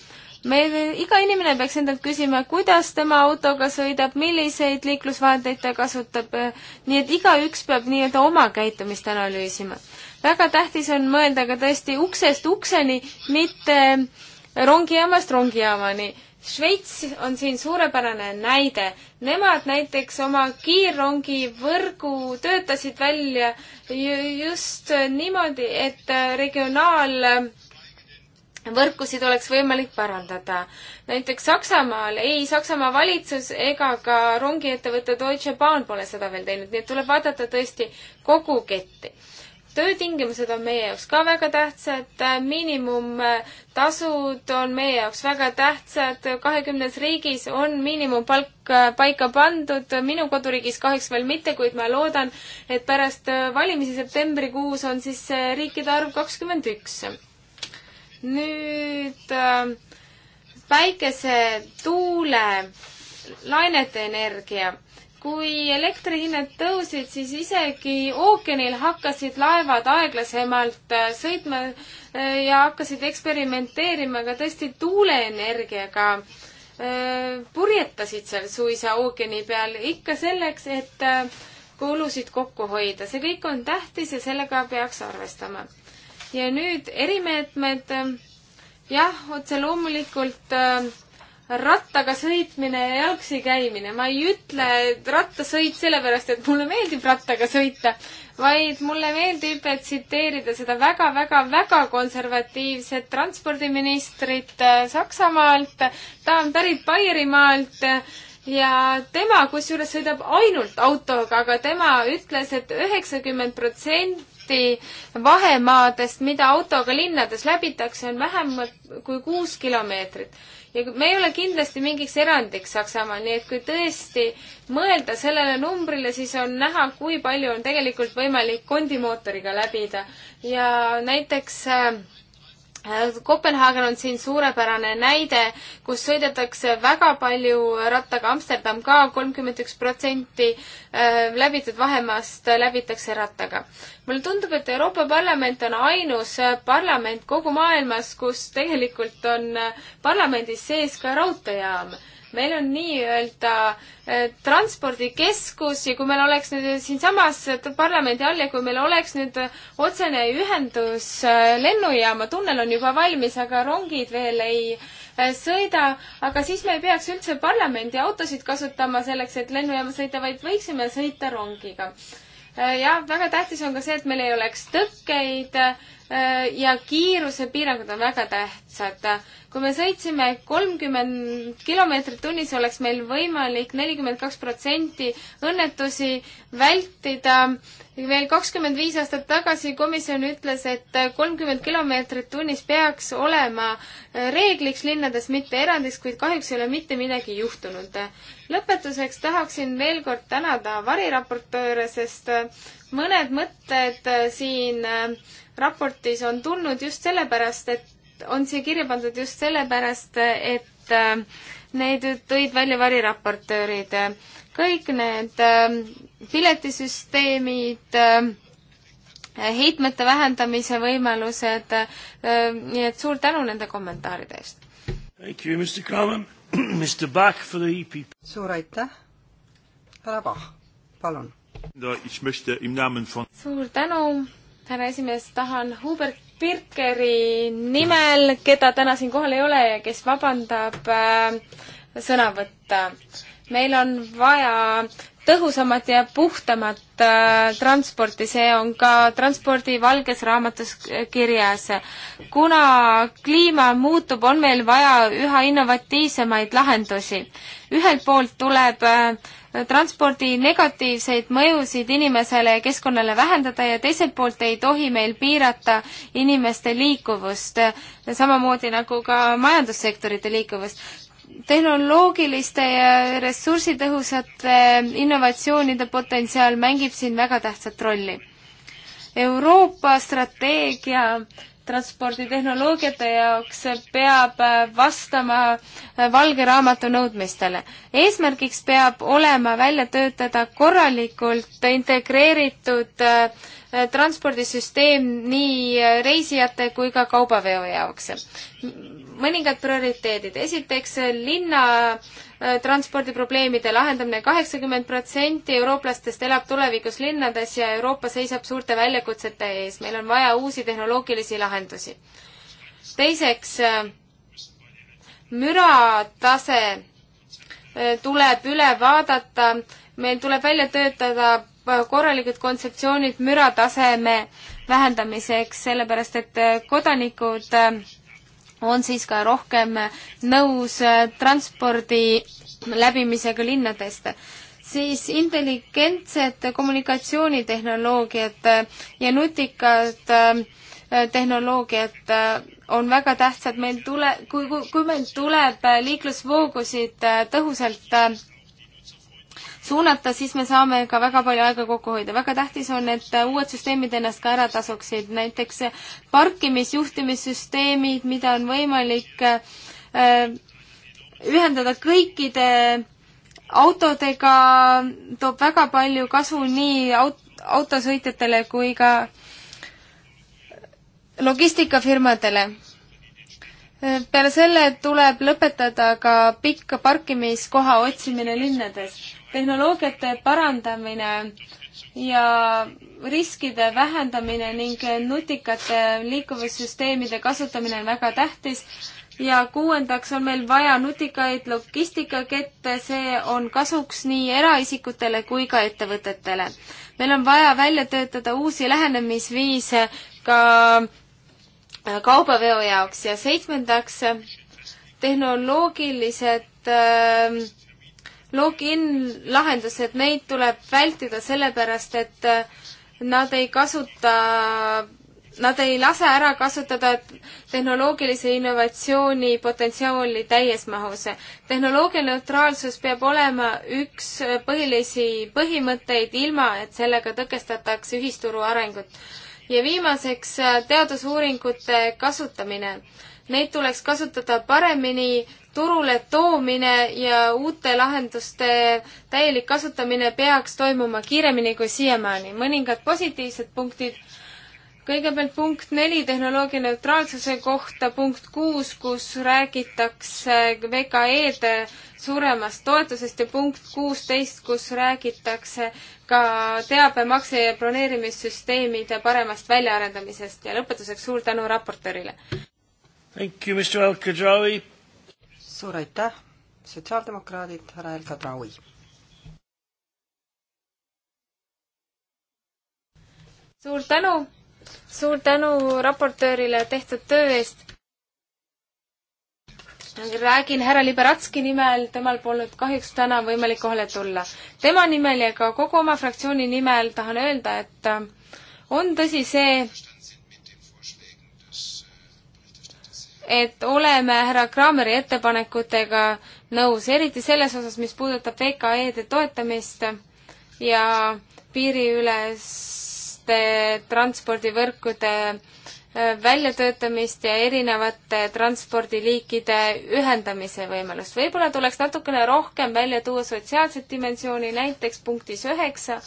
meil iga inimene peaks endalt küsima, kuidas tema autoga sõidab, milliseid liiklusvahendeid ta kasutab, nii et igaüks peab nii-öelda oma käitumist analüüsima. väga tähtis on mõelda ka tõesti uksest ukseni, mitte rongijaamast rongijaamani. Šveits on siin suurepärane näide. Nemad näiteks oma kiirrongivõrgu töötasid välja just niimoodi, et regionaal võrkusid oleks võimalik parandada. näiteks Saksamaal ei Saksamaa valitsus ega ka rongiettevõte Deutsche Bahn pole seda veel teinud, nii et tuleb vaadata tõesti kogu ketti. töötingimused on meie jaoks ka väga tähtsad, miinimumtasud on meie jaoks väga tähtsad, kahekümnes riigis on miinimumpalk paika pandud, minu koduriigis kahjuks veel mitte, kuid ma loodan, et pärast valimisi septembrikuus on siis riikide arv kakskümmend üks nüüd ähm, päikese, tuule, lainete energia. kui elektrihinnad tõusid, siis isegi ookeanil hakkasid laevad aeglasemalt äh, sõitma äh, ja hakkasid eksperimenteerima ka tõesti tuuleenergiaga. Äh, purjetasid seal suisa ookeani peal ikka selleks, et kulusid kokku hoida. see kõik on tähtis ja sellega peaks arvestama ja nüüd erimeetmed, jah, otse loomulikult äh, rattaga sõitmine ja jalgsi käimine. ma ei ütle, et rattasõit sellepärast, et mulle meeldib rattaga sõita, vaid mulle meeldib tsiteerida seda väga-väga-väga konservatiivset transpordiministrit äh, Saksamaalt. ta on pärit Baierimaalt ja tema kusjuures sõidab ainult autoga, aga tema ütles et, et üheksakümmend protsenti protsenti vahemaadest, mida autoga linnades läbitakse, on vähemalt kui kuus kilomeetrit. ja me ei ole kindlasti mingiks erandiks Saksamaal, nii et kui tõesti mõelda sellele numbrile, siis on näha, kui palju on tegelikult võimalik kondimootoriga läbida ja näiteks äh, Äh, Kopenhaagen on siin suurepärane näide, kus sõidetakse väga palju rattaga, Amsterdam ka kolmkümmend üks protsenti äh, läbitud vahemaast läbitakse rattaga. mulle tundub, et Euroopa Parlament on ainus parlament kogu maailmas, kus tegelikult on äh, parlamendis sees ka raudteejaam meil on nii-öelda äh, transpordikeskus ja kui meil oleks nüüd siinsamas parlamendi all ja kui meil oleks nüüd otsene ühendus äh, lennujaama, tunnel on juba valmis, aga rongid veel ei äh, sõida, aga siis me ei peaks üldse parlamendi autosid kasutama selleks, et lennujaama sõita, vaid võiksime sõita rongiga jah, väga tähtis on ka see, et meil ei oleks tõkkeid Äh, ja kiirusepiirangud on väga tähtsad. kui me sõitsime kolmkümmend kilomeetrit tunnis, oleks meil võimalik nelikümmend kaks protsenti õnnetusi vältida. veel kakskümmend viis aastat tagasi komisjon ütles, et kolmkümmend kilomeetrit tunnis peaks olema reegliks linnades, mitte erandiks, kuid kahjuks ei ole mitte midagi juhtunud. lõpetuseks tahaksin veel kord tänada variraportööre, sest mõned mõtted siin äh, raportis on tulnud just sellepärast, et on siia kirja pandud just sellepärast, et äh, need tõid välja variraportöörid. kõik need äh, piletisüsteemid, äh, heitmete vähendamise võimalused, nii et suur tänu nende kommentaaride eest! E suur aitäh, härra Bach, palun! suur tänu! härra esimees, tahan Hubert Birkeri nimel, keda täna siin kohal ei ole ja kes vabandab äh,, sõna võtta. meil on vaja tõhusamat ja puhtamat äh, transporti, see on ka transpordi valges raamatus kirjas. kuna kliima muutub, on meil vaja üha innovatiivsemaid lahendusi. ühelt poolt tuleb äh, transpordi negatiivseid mõjusid inimesele ja keskkonnale vähendada ja teiselt poolt ei tohi meil piirata inimeste liikuvust, samamoodi nagu ka majandussektorite liikuvust tehnoloogiliste ja ressursitõhusate innovatsioonide potentsiaal mängib siin väga tähtsat rolli. Euroopa strateegia transporditehnoloogiate jaoks peab äh, vastama äh, valge raamatu nõudmistele. eesmärgiks peab olema välja töötada korralikult integreeritud äh, transpordisüsteem nii reisijate kui ka kaubaveo jaoks. mõningad prioriteedid. esiteks linna Äh, transpordiprobleemide lahendamine. kaheksakümmend protsenti eurooplastest elab tulevikus linnades ja Euroopa seisab suurte väljakutsete ees. meil on vaja uusi tehnoloogilisi lahendusi. teiseks, äh, müratase äh, tuleb üle vaadata, meil tuleb välja töötada korralikud kontseptsioonid mürataseme vähendamiseks, sellepärast et kodanikud äh, on siis ka rohkem nõus äh, transpordi läbimisega linnadest siis intelligentsed kommunikatsioonitehnoloogiad äh, ja nutikad äh, tehnoloogiad on väga tähtsad, meil tule, kui, kui, kui meil tuleb liiklusvoogusid tõhusalt suunata, siis me saame ka väga palju aega kokku hoida. väga tähtis on, et uued süsteemid ennast ka ära tasuksid, näiteks parkimisjuhtimissüsteemid, mida on võimalik äh, ühendada kõikide autodega, toob väga palju kasu nii aut-, autosõitjatele kui ka logistikafirmadele peale selle tuleb lõpetada ka pikk parkimiskoha otsimine linnades tehnoloogiate parandamine ja riskide vähendamine ning nutikate liikuvussüsteemide kasutamine on väga tähtis ja kuuendaks on meil vaja nutikaid logistikakette, see on kasuks nii eraisikutele kui ka ettevõtetele. meil on vaja välja töötada uusi lähenemisviise ka kaubaveo jaoks ja seitsmendaks tehnoloogilised äh, login lahendused, neid tuleb vältida sellepärast, et äh, nad ei kasuta, nad ei lase ära kasutada tehnoloogilise innovatsiooni potentsiaali täies mahus. tehnoloogiline neutraalsus peab olema üks äh, põhilisi põhimõtteid, ilma et sellega tõkestatakse ühisturu arengut. ja viimaseks äh, teadusuuringute kasutamine neid tuleks kasutada paremini turule toomine ja uute lahenduste täielik kasutamine peaks toimuma kiiremini kui siiamaani. mõningad positiivsed punktid. kõigepealt punkt neli tehnoloogia neutraalsuse kohta, punkt kuus, kus räägitakse VKE-de suuremast toetusest ja punkt kuusteist, kus räägitakse ka teabemakse ja broneerimissüsteemide paremast väljaarendamisest ja lõpetuseks suur tänu raportöörile. Thank you, Mr Al-Qadrawi suur aitäh, sotsiaaldemokraadid, härra Elka Traui. suur tänu, suur tänu raportöörile tehtud töö eest. räägin härra Liberatski nimel, temal polnud kahjuks täna võimalik kohale tulla. tema nimel ja ka kogu oma fraktsiooni nimel tahan öelda, et on tõsi see, et oleme härra Krammeri ettepanekutega nõus, eriti selles osas, mis puudutab VKE-de toetamist ja piiriüleste transpordivõrkude äh, väljatöötamist ja erinevate transpordiliikide ühendamise võimalust. võib-olla tuleks natukene rohkem välja tuua sotsiaalset dimensiooni, näiteks punktis üheksa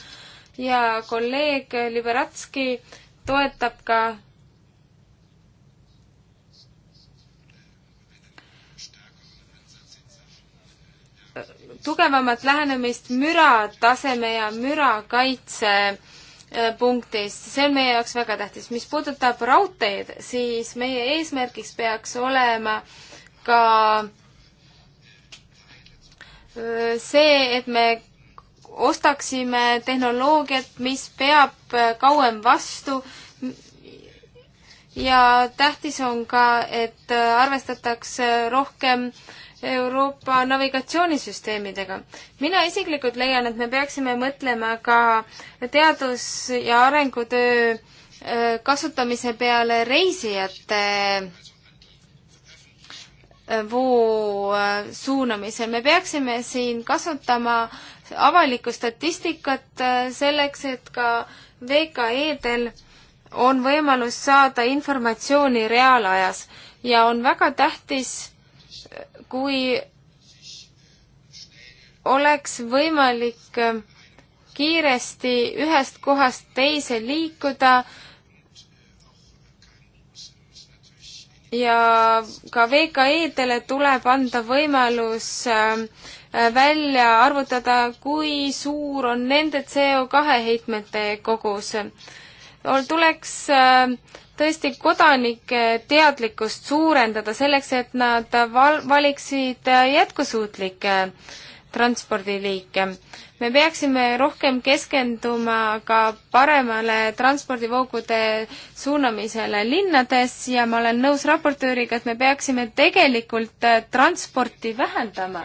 ja kolleeg Liberatski toetab ka tugevamat lähenemist mürataseme ja mürakaitse äh, punktist, see on meie jaoks väga tähtis. mis puudutab raudteed, siis meie eesmärgiks peaks olema ka äh, see, et me ostaksime tehnoloogiat, mis peab äh, kauem vastu ja tähtis on ka, et arvestatakse rohkem Euroopa navigatsioonisüsteemidega. mina isiklikult leian, et me peaksime mõtlema ka teadus- ja arengutöö äh, kasutamise peale reisijate äh, voo äh, suunamisel. me peaksime siin kasutama avalikku statistikat selleks, et ka VKE-del on võimalus saada informatsiooni reaalajas ja on väga tähtis kui oleks võimalik kiiresti ühest kohast teise liikuda ja ka VKE-dele tuleb anda võimalus äh, välja arvutada, kui suur on nende CO2 heitmete kogus tuleks äh, tõesti kodanike teadlikkust suurendada selleks, et nad val-, valiksid jätkusuutlikke transpordiliike. me peaksime rohkem keskenduma ka paremale transpordivoogude suunamisele linnades ja ma olen nõus raportööriga, et me peaksime tegelikult transporti vähendama.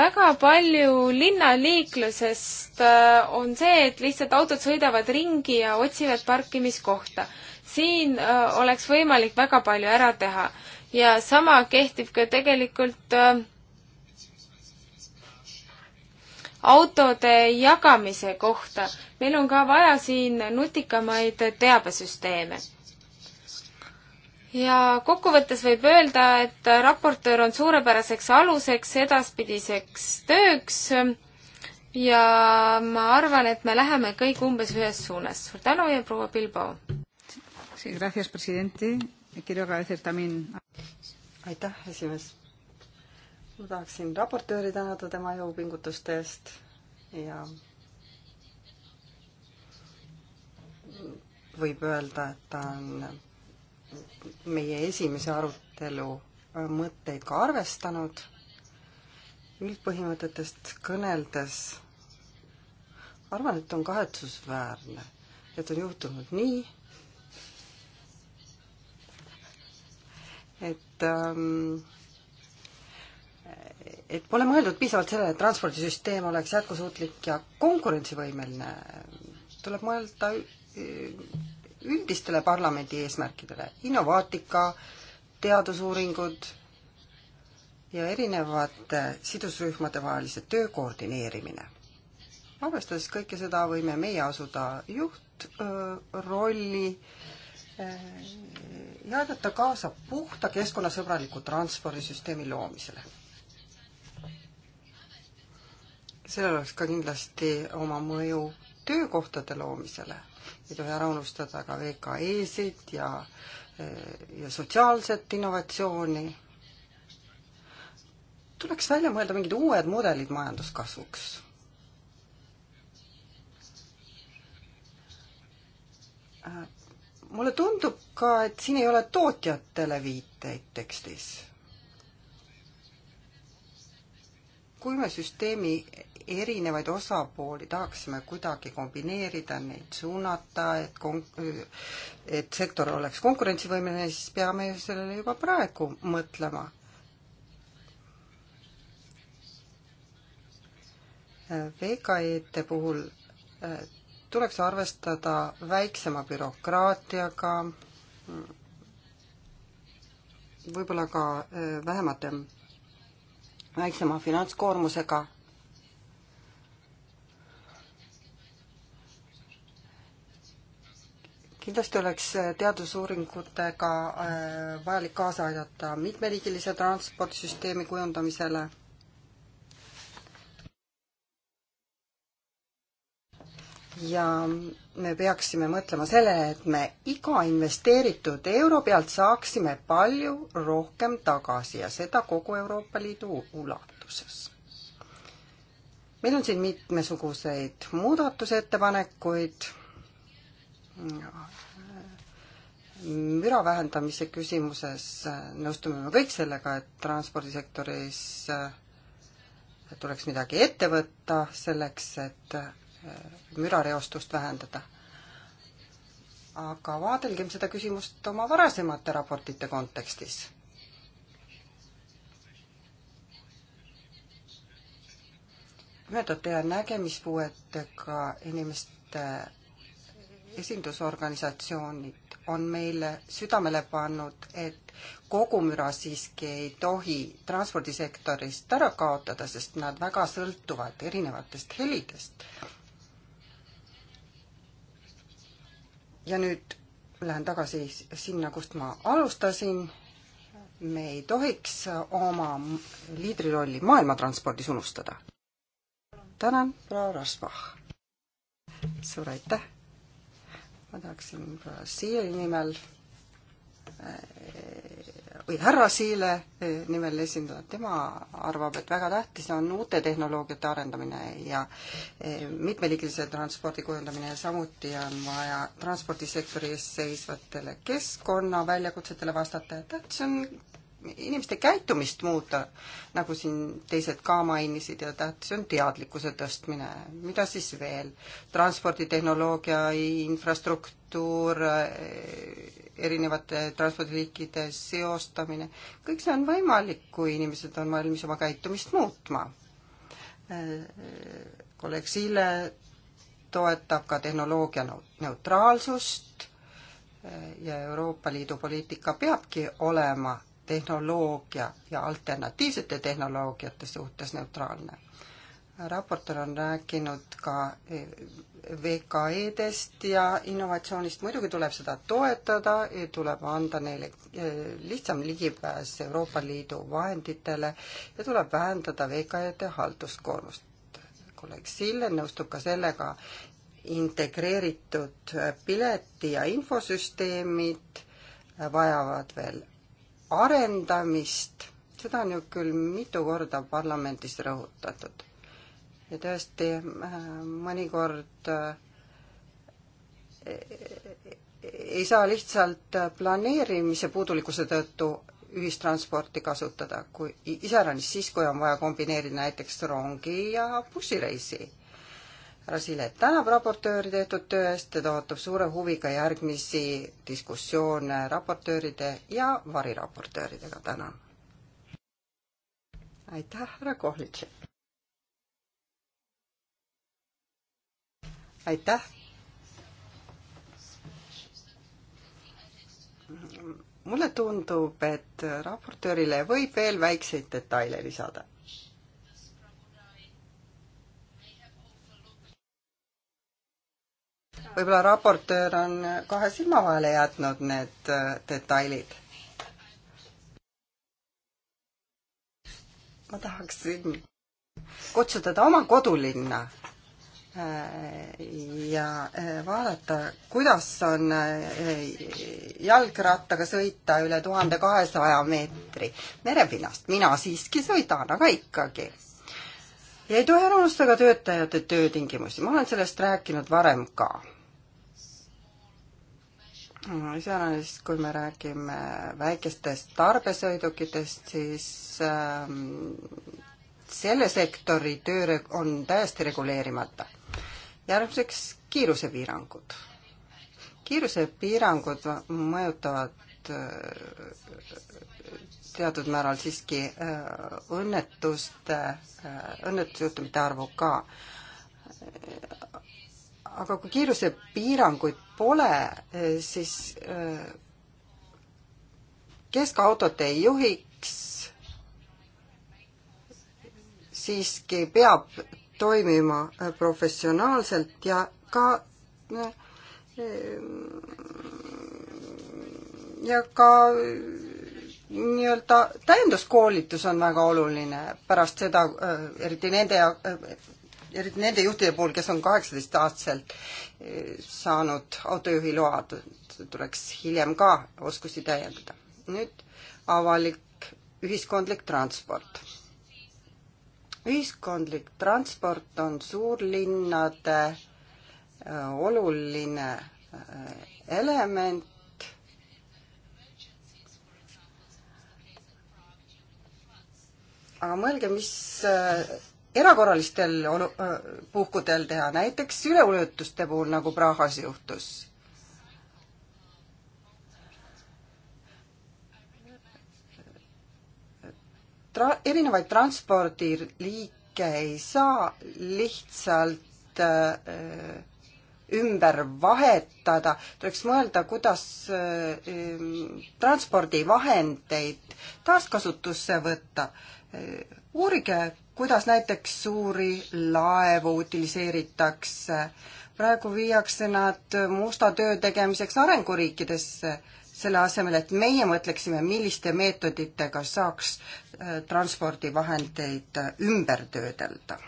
väga palju linnaliiklusest äh, on see, et lihtsalt autod sõidavad ringi ja otsivad parkimiskohta siin äh, oleks võimalik väga palju ära teha ja sama kehtib ka tegelikult äh, autode jagamise kohta. meil on ka vaja siin nutikamaid teabesüsteeme. ja kokkuvõttes võib öelda, et raportöör on suurepäraseks aluseks edaspidiseks tööks ja ma arvan, et me läheme kõik umbes ühes suunas. suur tänu ja proua Bilbao! aitäh, esimees. ma tahaksin raportööri tänada tema jõupingutuste eest ja võib öelda, et ta on meie esimese arutelu mõtteid ka arvestanud. üldpõhimõtetest kõneldes arvan, et on kahetsusväärne, et on juhtunud nii, et ähm, et pole mõeldud piisavalt sellele, et transpordisüsteem oleks jätkusuutlik ja konkurentsivõimeline. tuleb mõelda äh, üldistele parlamendi eesmärkidele, innovaatika, teadusuuringud ja erinevate sidusrühmade vahelise töö koordineerimine. arvestades kõike seda, võime meie asuda juhtrolli äh, ja aidata kaasa puhta keskkonnasõbraliku transpordisüsteemi loomisele. sellel oleks ka kindlasti oma mõju töökohtade loomisele. ei tohi ära unustada ka VKE-sid ja, ja sotsiaalset innovatsiooni. tuleks välja mõelda mingid uued mudelid majanduskasvuks mulle tundub ka, et siin ei ole tootjatele viiteid tekstis. kui me süsteemi erinevaid osapooli tahaksime kuidagi kombineerida, neid suunata, et kon-, et sektor oleks konkurentsivõimeline, siis peame ju sellele juba praegu mõtlema. VKE-de puhul tuleks arvestada väiksema bürokraatiaga, võib-olla ka eh, vähemate, väiksema finantskoormusega. kindlasti oleks eh, teadusuuringutega eh, vajalik kaasa aidata mitmeliigilise transpordisüsteemi kujundamisele ja me peaksime mõtlema sellele, et me iga investeeritud euro pealt saaksime palju rohkem tagasi ja seda kogu Euroopa Liidu ulatuses. meil on siin mitmesuguseid muudatusettepanekuid, müra vähendamise küsimuses nõustume me kõik sellega, et transpordisektoris tuleks midagi ette võtta selleks, et mürareostust vähendada. aga vaadelgem seda küsimust oma varasemate raportite kontekstis. möödate ja nägemispuuetega inimeste esindusorganisatsioonid on meile südamele pannud, et kogu müra siiski ei tohi transpordisektorist ära kaotada, sest nad väga sõltuvad erinevatest helidest ja nüüd lähen tagasi sinna, kust ma alustasin. me ei tohiks oma liidrirolli maailmatranspordis unustada. tänan, proua Rasvah. suur aitäh. ma tahaksin proua Siiri nimel äh, või härra Siile eh, nimel esindajat, tema arvab, et väga tähtis on uute tehnoloogiate arendamine ja eh, mitmeliigilise transpordi kujundamine ja samuti on vaja transpordisektori ees seisvatele keskkonnaväljakutsetele vastata ja tähtis on inimeste käitumist muuta, nagu siin teised ka mainisid ja tähtis on teadlikkuse tõstmine. mida siis veel? transporditehnoloogia, infrastruktuur, eh, erinevate transpordiliikide seostamine, kõik see on võimalik, kui inimesed on valmis oma käitumist muutma. Eh, kolleeg Sille toetab ka tehnoloogia neutraalsust eh, ja Euroopa Liidu poliitika peabki olema tehnoloogia ja alternatiivsete tehnoloogiate suhtes neutraalne. raportöör on rääkinud ka VKE-dest ja innovatsioonist, muidugi tuleb seda toetada, tuleb anda neile eh, lihtsam ligipääs Euroopa Liidu vahenditele ja tuleb vähendada VKE-de halduskoormust. kolleeg Sille nõustub ka sellega, integreeritud pileti ja infosüsteemid vajavad veel arendamist, seda on ju küll mitu korda parlamendis rõhutatud. ja tõesti, äh, mõnikord äh, ei saa lihtsalt planeerimise puudulikkuse tõttu ühistransporti kasutada, kui iseäranis siis, kui on vaja kombineerida näiteks rongi ja bussireisi härra Silet tänab raportööri tehtud töö eest, teda ootab suure huviga järgmisi diskussioone raportööride ja variraportööridega, tänan. aitäh, härra Kohlitšek. aitäh. mulle tundub, et raportöörile võib veel väikseid detaile lisada võib-olla raportöör on kahe silma vahele jätnud need äh, detailid. ma tahaksin kutsuda ta oma kodulinna äh, ja äh, vaadata, kuidas on jalgrattaga sõita üle tuhande kahesaja meetri merepinnast. mina siiski sõidan, aga ikkagi. ja ei tohi ära unustada ka töötajate töötingimusi, ma olen sellest rääkinud varem ka iseenesest, kui me räägime väikestest tarbesõidukitest, siis ähm, selle sektori töö on täiesti reguleerimata. järgmiseks kiirusepiirangud. kiirusepiirangud mõjutavad äh, teatud määral siiski äh, õnnetuste, äh, õnnetusjuhtumite arvu ka aga kui kiirusepiiranguid pole, siis äh, kes ka autot ei juhiks, siiski peab toimima äh, professionaalselt ja ka äh, ja ka nii-öelda täienduskoolitus on väga oluline pärast seda, eriti nende eriti nende juhtide puhul, kes on kaheksateistaastaselt eh, saanud autojuhi loa, tuleks hiljem ka oskusi täiendada. nüüd avalik ühiskondlik transport. ühiskondlik transport on suurlinnade eh, oluline eh, element, aga mõelge, mis erakorralistel olu-, puhkudel teha, näiteks üleujutuste puhul, nagu Prahas juhtus. Tra-, erinevaid transpordiliike ei saa lihtsalt äh, ümber vahetada, tuleks mõelda, kuidas äh, transpordivahendeid taaskasutusse võtta äh,. uurige kuidas näiteks suuri laevu utiliseeritakse. praegu viiakse nad musta töö tegemiseks arenguriikidesse, selle asemel, et meie mõtleksime, milliste meetoditega saaks äh, transpordivahendeid äh, ümber töödelda.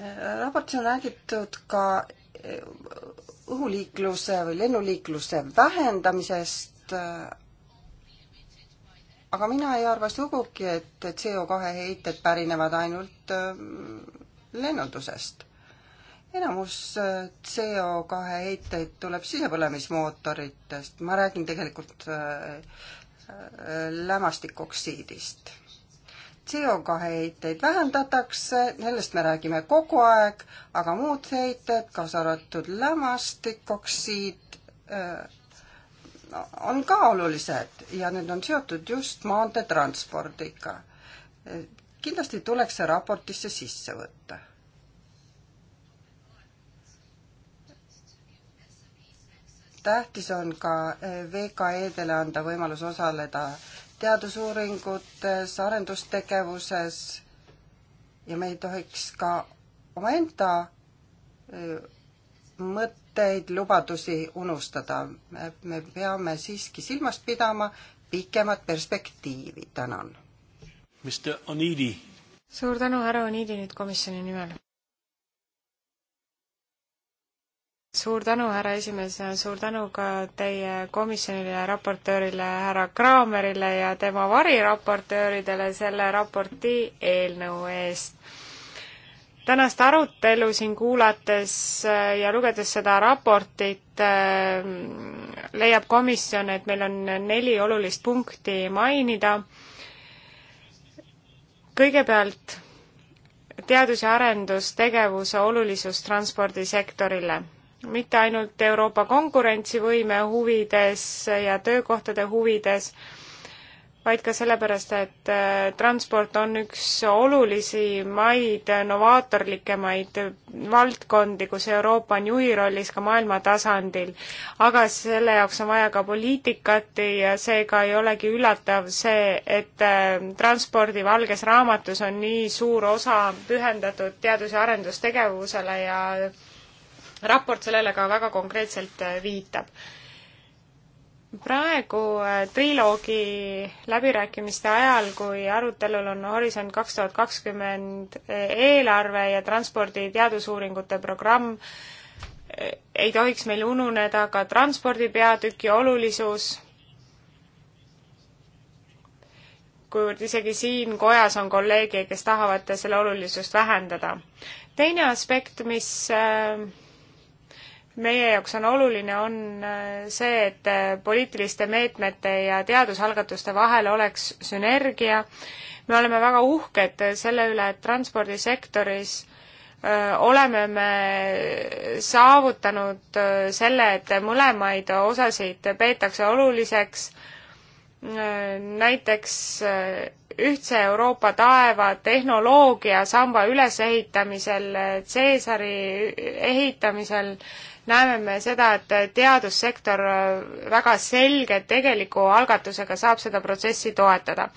Äh, raportis on räägitud ka õhuliikluse või lennuliikluse vähendamisest, aga mina ei arva sugugi, et CO2 heited pärinevad ainult äh, lennundusest. enamus äh, CO2 heiteid tuleb sisepõlemismootoritest, ma räägin tegelikult äh, lämmastikoksiidist. CO2 heiteid vähendatakse, sellest me räägime kogu aeg, aga muud heited, kaasa arvatud lämmastikoksiid, on ka olulised ja need on seotud just maanteetranspordiga. kindlasti tuleks see raportisse sisse võtta. tähtis on ka VKE-dele anda võimalus osaleda teadusuuringutes, arendustegevuses ja me ei tohiks ka omaenda eh, mõt-, mõtteid, lubadusi unustada. me peame siiski silmas pidama pikemat perspektiivi, tänan. suur tänu, härra Oniidi nüüd komisjoni nimel. suur tänu, härra esimees, suur tänu ka teie komisjonile ja raportöörile härra Kraamerile ja tema variraportööridele selle raporti eelnõu eest tänast arutelu siin kuulates äh, ja lugedes seda raportit, äh, leiab komisjon, et meil on neli olulist punkti mainida. kõigepealt teadus- ja arendustegevuse olulisus transpordisektorile. mitte ainult Euroopa konkurentsivõime huvides ja töökohtade huvides, vaid ka sellepärast, et äh, transport on üks olulisemaid, äh, novaatorlikemaid äh, valdkondi, kus Euroopa on juhi rollis ka maailma tasandil. aga selle jaoks on vaja ka poliitikat ja seega ei olegi üllatav see, et transpordi valges raamatus on nii suur osa pühendatud teadus- ja arendustegevusele ja raport sellele ka väga konkreetselt viitab praegu äh, triloogi läbirääkimiste ajal, kui arutelul on Horisont kaks tuhat kakskümmend äh, eelarve ja transpordi teadusuuringute programm, äh, ei tohiks meil ununeda ka transpordi peatüki olulisus, kuivõrd isegi siin kojas on kolleege, kes tahavad selle olulisust vähendada. teine aspekt, mis äh, meie jaoks on oluline, on äh, see, et äh, poliitiliste meetmete ja teadusalgatuste vahel oleks sünergia. me oleme väga uhked selle üle, et transpordisektoris äh, oleme me saavutanud selle, et mõlemaid osasid peetakse oluliseks. näiteks ühtse Euroopa taeva tehnoloogia samba ülesehitamisel, Caesari ehitamisel näeme me seda, et teadussektor äh, väga selge tegeliku algatusega saab seda protsessi toetada.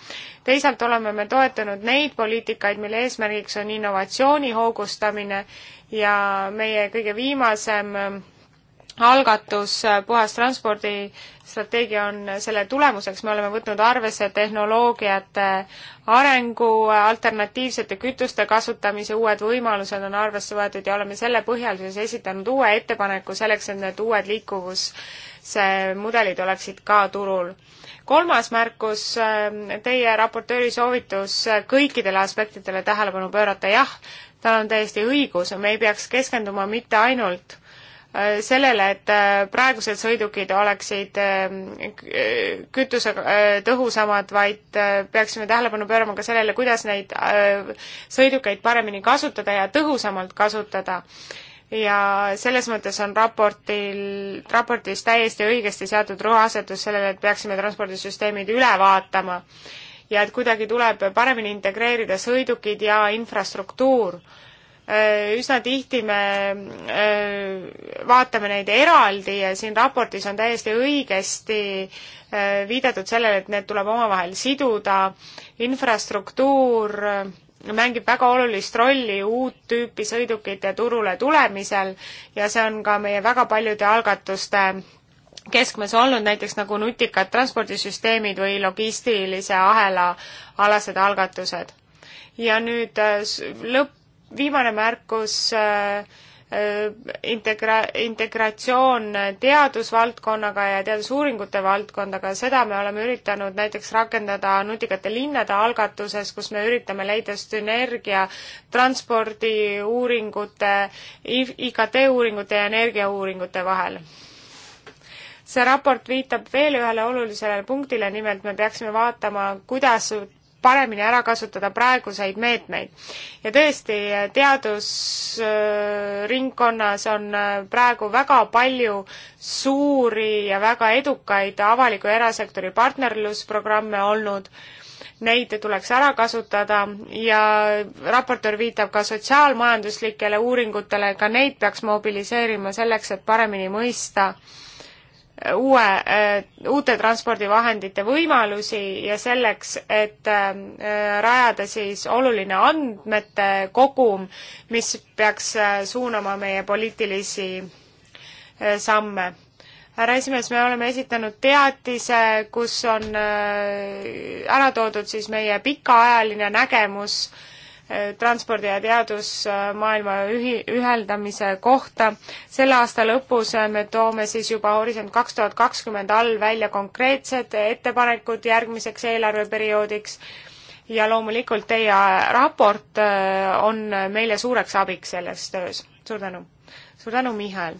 teisalt oleme me toetanud neid poliitikaid, mille eesmärgiks on innovatsiooni hoogustamine ja meie kõige viimasem äh, algatus äh, Puhas transpordistrateegia on äh, selle tulemuseks, me oleme võtnud arvesse tehnoloogiate äh, arengu, alternatiivsete kütuste kasutamise uued võimalused on arvesse võetud ja oleme selle põhjal siis esitanud uue ettepaneku selleks, et need uued liikuvuse mudelid oleksid ka turul. kolmas märkus, teie raportööri soovitus kõikidele aspektidele tähelepanu pöörata, jah, tal on täiesti õigus, me ei peaks keskenduma mitte ainult Äh, sellele, et äh, praegused sõidukid oleksid äh, kütuse tõhusamad, vaid peaksime tähelepanu pöörama ka sellele, kuidas neid sõidukeid paremini kasutada ja tõhusamalt kasutada. ja selles mõttes on raportil, raportis täiesti õigesti seatud rõhuasetus sellele, et peaksime transpordisüsteemid üle vaatama ja et kuidagi tuleb paremini integreerida sõidukid ja infrastruktuur Äh, üsna tihti me äh, vaatame neid eraldi ja siin raportis on täiesti õigesti äh, viidatud sellele, et need tuleb omavahel siduda, infrastruktuur mängib väga olulist rolli uut tüüpi sõidukite turule tulemisel ja see on ka meie väga paljude algatuste keskmes olnud, näiteks nagu nutikad transpordisüsteemid või logistilise ahela alased algatused. ja nüüd lõpp, viimane märkus äh, äh, integra-, integratsioon teadusvaldkonnaga ja teadusuuringute valdkondaga, seda me oleme üritanud näiteks rakendada nutikate linnade algatuses, kus me üritame leida sünergia transpordiuuringute, IKT uuringute ja energiauuringute vahel see raport viitab veel ühele olulisele punktile, nimelt me peaksime vaatama, kuidas paremini ära kasutada praeguseid meetmeid. ja tõesti, teadusringkonnas on äh, praegu väga palju suuri ja väga edukaid avaliku ja erasektori partnerlusprogramme olnud, neid tuleks ära kasutada ja raportöör viitab ka sotsiaalmajanduslikele uuringutele, ka neid peaks mobiliseerima selleks, et paremini mõista, uue, äh, uute transpordivahendite võimalusi ja selleks, et äh, rajada siis oluline andmete kogum, mis peaks äh, suunama meie poliitilisi samme. härra esimees, me oleme esitanud teatise, kus on ära toodud siis meie pikaajaline nägemus äh, transpordi ja teadusmaailma ühi-, üheldamise kohta. selle aasta lõpus me toome siis juba Horisont kaks tuhat kakskümmend all välja konkreetsed ettepanekud järgmiseks eelarveperioodiks ja loomulikult teie raport äh, on meile suureks abiks selles töös. suur tänu! suur tänu, Mihhail!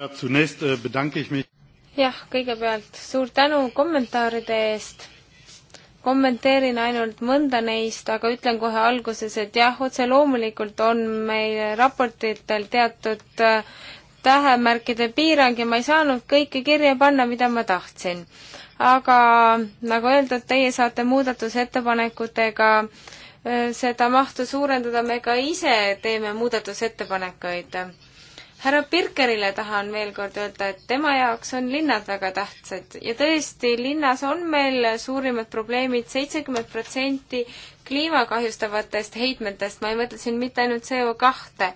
Äh, jah, kõigepealt suur tänu kommentaaride eest kommenteerin ainult mõnda neist, aga ütlen kohe alguses, et jah, otse loomulikult on meil raportitel teatud äh, tähemärkide piirang ja ma ei saanud kõike kirja panna, mida ma tahtsin. aga nagu öeldud, teie saate muudatusettepanekutega äh, seda mahtu suurendada, me ka ise teeme muudatusettepanekuid härra Birkerile tahan veel kord öelda, et tema jaoks on linnad väga tähtsad ja tõesti, linnas on meil suurimad probleemid, seitsekümmend protsenti kliima kahjustavatest heitmetest, ma ei mõtle siin mitte ainult CO kahte.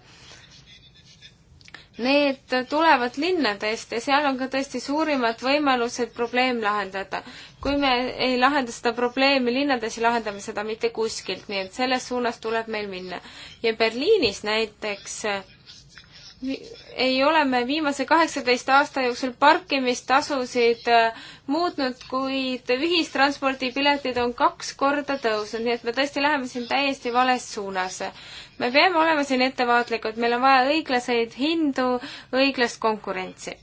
Need tulevad linnadest ja seal on ka tõesti suurimad võimalused probleem lahendada. kui me ei lahenda seda probleemi linnades, ei lahenda me seda mitte kuskilt, nii et selles suunas tuleb meil minna. ja Berliinis näiteks ei ole me viimase kaheksateist aasta jooksul parkimistasusid äh, muutnud, kuid ühistranspordipiletid on kaks korda tõusnud, nii et me tõesti läheme siin täiesti vales suunas. me peame olema siin ettevaatlikud, meil on vaja õiglaseid hindu, õiglast konkurentsi.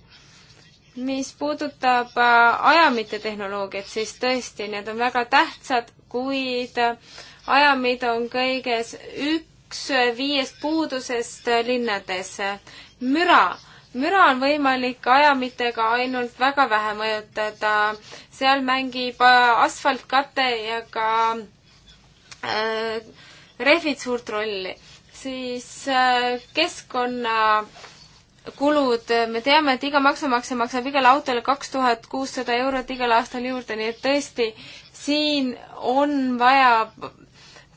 mis puudutab äh, ajamite tehnoloogiat, siis tõesti, need on väga tähtsad, kuid äh, ajamid on kõiges üks üks viiest puudusest linnades. müra, müra on võimalik ajamitega ainult väga vähe mõjutada, seal mängib äh, asfaltkate ja ka äh, rehvid suurt rolli. siis äh, keskkonna kulud, me teame, et iga maksumaksja maksab igale autole kaks tuhat kuussada eurot igal aastal juurde, nii et tõesti, siin on vaja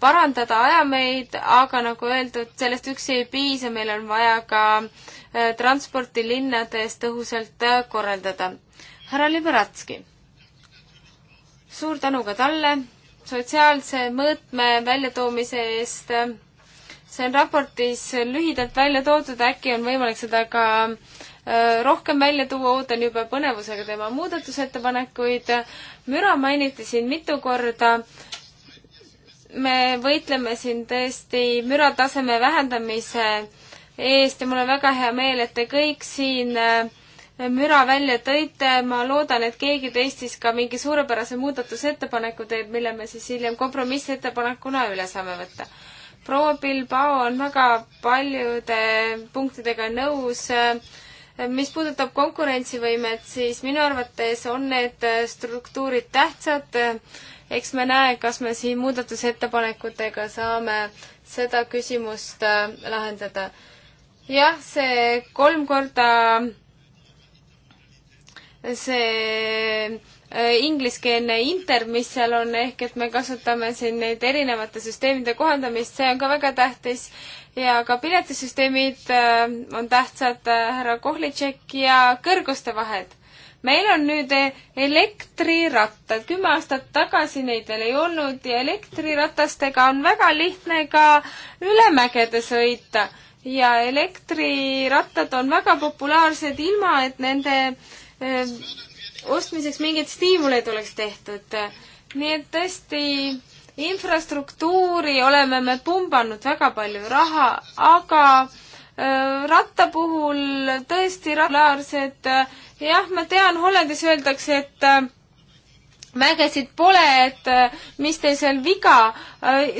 parandada, ajameid, aga nagu öeldud, sellest üksi ei piisa, meil on vaja ka äh, transporti linnades tõhusalt äh, korraldada. härra Liberatski, suur tänu ka talle sotsiaalse mõõtme väljatoomise eest. see on raportis lühidalt välja toodud, äkki on võimalik seda ka äh, rohkem välja tuua, ootan juba põnevusega tema muudatusettepanekuid. müra mainiti siin mitu korda me võitleme siin tõesti mürataseme vähendamise eest ja mul on väga hea meel, et te kõik siin äh, müra välja tõite, ma loodan, et keegi teist siis ka mingi suurepärase muudatusettepaneku teeb, mille me siis hiljem kompromissettepanekuna üle saame võtta. proua Bilbao on väga paljude punktidega nõus äh, mis puudutab konkurentsivõimet, siis minu arvates on need äh, struktuurid tähtsad eks me näe, kas me siin muudatusettepanekutega saame seda küsimust äh, lahendada. jah, see kolm korda see äh, ingliskeelne inter, mis seal on, ehk et me kasutame siin neid erinevate süsteemide kohandamist, see on ka väga tähtis ja ka piletisüsteemid äh, on tähtsad, härra Kohlitšek ja kõrguste vahed meil on nüüd eh, elektrirattad, kümme aastat tagasi neid veel ei olnud ja elektriratastega on väga lihtne ka üle mägede sõita ja elektrirattad on väga populaarsed, ilma et nende öö, eh, ostmiseks mingeid stiimuleid oleks tehtud. nii et tõesti infrastruktuuri oleme me pumbanud väga palju raha, aga Äh, ratta puhul tõesti regulaarsed, äh, jah, ma tean, Hollandis öeldakse, et äh, mägesid pole, et mis teil seal viga,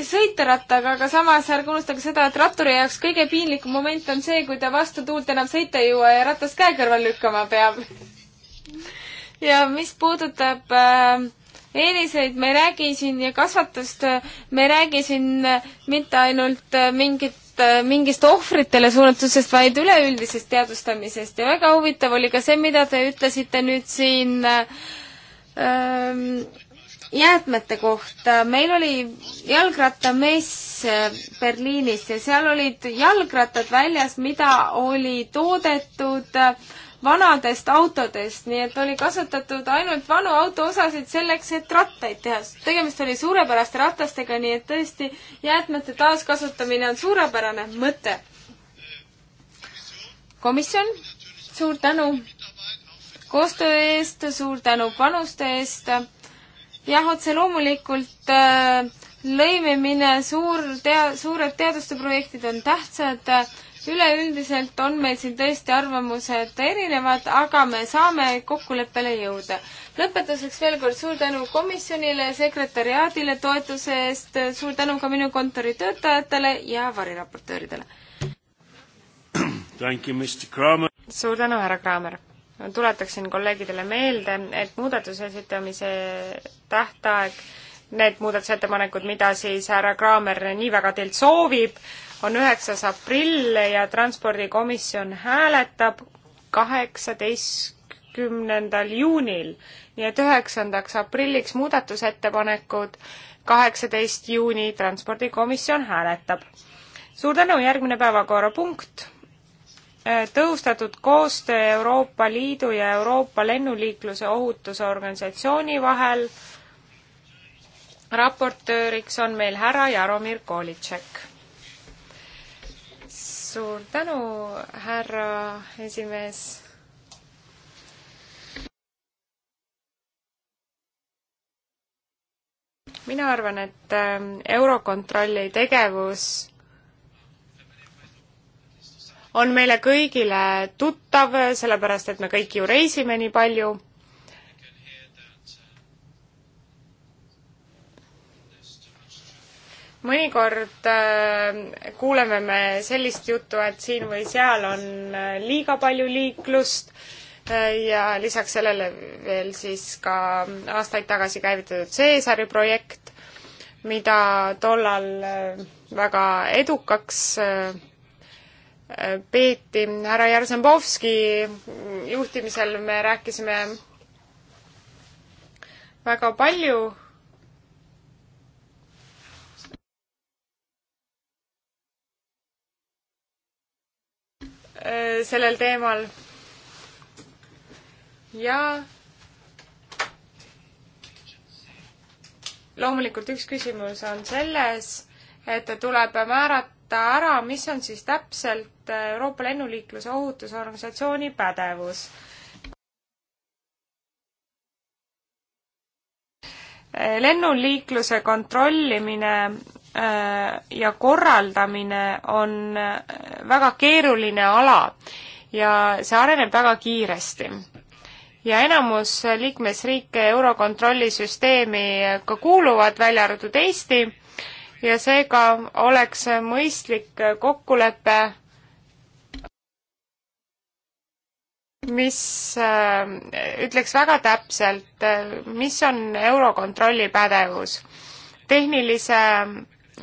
sõita rattaga, aga samas ärge unustage seda, et ratturi jaoks kõige piinlikum moment on see, kui ta vastu tuult enam sõita ei jõua ja ratas käe kõrval lükkama peab. ja mis puudutab äh, eeliseid me ei räägi siin ja kasvatust, me ei räägi siin mitte ainult mingit Äh, mingist ohvritele suunatusest, vaid üleüldisest teadvustamisest ja väga huvitav oli ka see, mida te ütlesite nüüd siin ähm, jäätmete kohta. meil oli jalgrattamess äh, Berliinis ja seal olid jalgrattad väljas, mida oli toodetud äh, vanadest autodest, nii et oli kasutatud ainult vanu autoosasid selleks, et rattaid teha. tegemist oli suurepäraste ratastega, nii et tõesti jäätmete taaskasutamine on suurepärane mõte. komisjon, suur tänu koostöö eest, suur tänu panuste eest. jah, otse loomulikult äh, lõimimine, suur tea-, suured teaduste projektid on tähtsad üleüldiselt on meil siin tõesti arvamused erinevad, aga me saame kokkuleppele jõuda. lõpetuseks veel kord suur tänu komisjonile, sekretäriaadile toetuse eest, suur tänu ka minu kontori töötajatele ja variraportööridele. suur tänu, härra Kraamer! tuletaksin kolleegidele meelde, et muudatuse esitamise tähtaeg need muudatusettepanekud, mida siis härra Kraamer nii väga teilt soovib, on üheksas aprill ja transpordikomisjon hääletab kaheksateistkümnendal juunil, nii et üheksandaks aprilliks muudatusettepanekud, kaheksateist juuni transpordikomisjon hääletab. suur tänu, järgmine päevakorrapunkt äh, tõhustatud koostöö Euroopa Liidu ja Euroopa Lennuliikluse Ohutuse Organisatsiooni vahel. raportööriks on meil härra Jaromir Kolitšek suur tänu, härra esimees. mina arvan, et ähm, Eurokontrolli tegevus on meile kõigile tuttav, sellepärast et me kõik ju reisime nii palju mõnikord äh, kuuleme me sellist juttu, et siin või seal on äh, liiga palju liiklust äh, ja lisaks sellele veel siis ka aastaid tagasi käivitatud Seesari projekt, mida tollal väga edukaks peeti. härra Jarzembovski juhtimisel me rääkisime väga palju Äh, sellel teemal. ja loomulikult üks küsimus on selles, et tuleb määrata ära, mis on siis täpselt Euroopa Lennuliikluse Ohutusorganisatsiooni pädevus. Äh, lennuliikluse kontrollimine Äh, ja korraldamine on äh, väga keeruline ala ja see areneb väga kiiresti. ja enamus liikmesriike Eurokontrolli süsteemi ka kuuluvad, välja arvatud Eesti, ja seega oleks mõistlik kokkulepe, mis äh, ütleks väga täpselt, mis on Eurokontrolli pädevus. tehnilise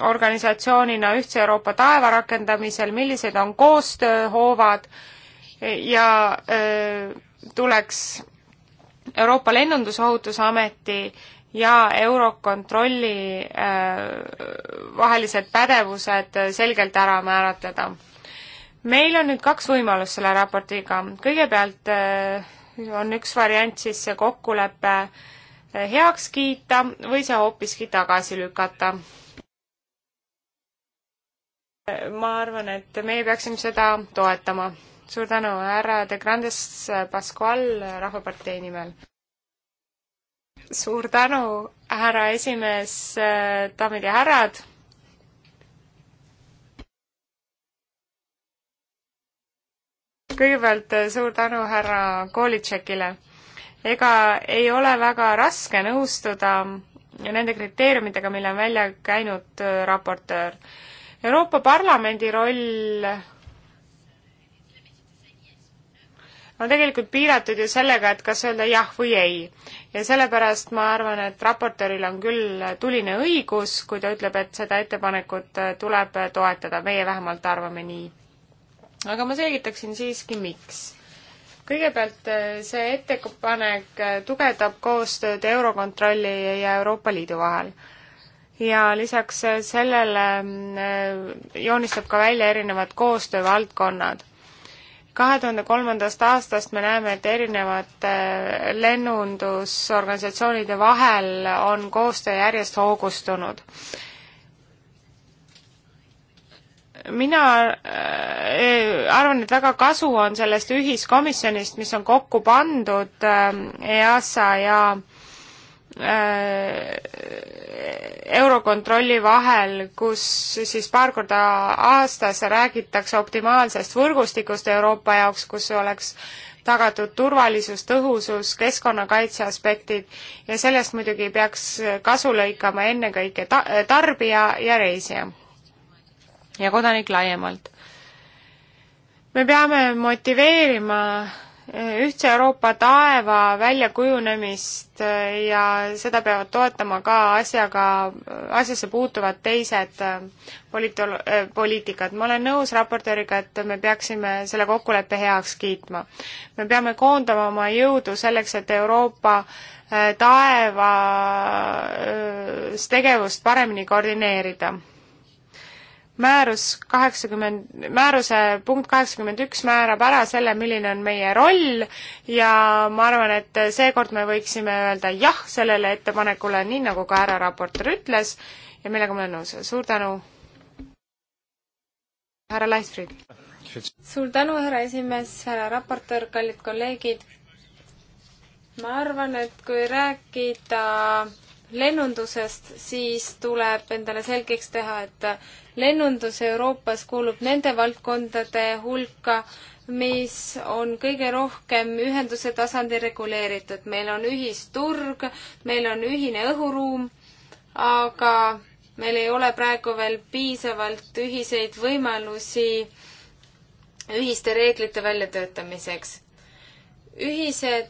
organisatsioonina Ühtse Euroopa taeva rakendamisel, millised on koostööhoovad ja öö, tuleks Euroopa Lennundusohutusameti ja Eurokontrolli vahelised pädevused selgelt ära määratleda. meil on nüüd kaks võimalust selle raportiga, kõigepealt on üks variant siis see kokkulepe heaks kiita või see hoopiski tagasi lükata ma arvan, et meie peaksime seda toetama. suur tänu, härra De Grandes Pascual Rahvapartei nimel. suur tänu, härra esimees, daamid ja härrad. kõigepealt suur tänu härra Kolitšekile. ega ei ole väga raske nõustuda nende kriteeriumitega, mille on välja käinud raportöör Euroopa Parlamendi roll on tegelikult piiratud ju sellega, et kas öelda jah või ei. ja sellepärast ma arvan, et raportööril on küll tuline õigus, kui ta ütleb, et seda ettepanekut tuleb toetada, meie vähemalt arvame nii. aga ma selgitaksin siiski, miks. kõigepealt see ettepanek tugevdab koostööd Eurokontrolli ja Euroopa Liidu vahel ja lisaks sellele mm, joonistab ka välja erinevad koostöövaldkonnad. kahe tuhande kolmandast aastast me näeme, et erinevate eh, lennundusorganisatsioonide vahel on koostöö järjest hoogustunud mina eh, arvan, et väga kasu on sellest ühiskomisjonist, mis on kokku pandud eh, EASA ja Äh, Eurokontrolli vahel, kus siis paar korda aastas räägitakse optimaalsest võrgustikust Euroopa jaoks, kus oleks tagatud turvalisus, tõhusus, keskkonnakaitse aspektid ja sellest muidugi peaks kasu lõikama ennekõike ta-, tarbija ja reisija ja kodanik laiemalt. me peame motiveerima ühtse Euroopa taeva väljakujunemist äh, ja seda peavad toetama ka asjaga, asjasse puutuvad teised äh, politolo-, äh, poliitikad. ma olen nõus raportööriga, et me peaksime selle kokkuleppe heaks kiitma. me peame koondama oma jõudu selleks, et Euroopa taevas tegevust paremini koordineerida määrus kaheksakümmend, määruse punkt kaheksakümmend üks määrab ära selle, milline on meie roll ja ma arvan, et seekord me võiksime öelda jah sellele ettepanekule, nii nagu ka härra raportöör ütles ja millega ma olen nõus. suur tänu, härra Leifrid! suur tänu, härra esimees, härra raportöör, kallid kolleegid! ma arvan, et kui rääkida äh, lennundusest, siis tuleb endale selgeks teha, et lennundus Euroopas kuulub nende valdkondade hulka, mis on kõige rohkem ühenduse tasandil reguleeritud. meil on ühisturg, meil on ühine õhuruum, aga meil ei ole praegu veel piisavalt ühiseid võimalusi ühiste reeglite väljatöötamiseks. ühised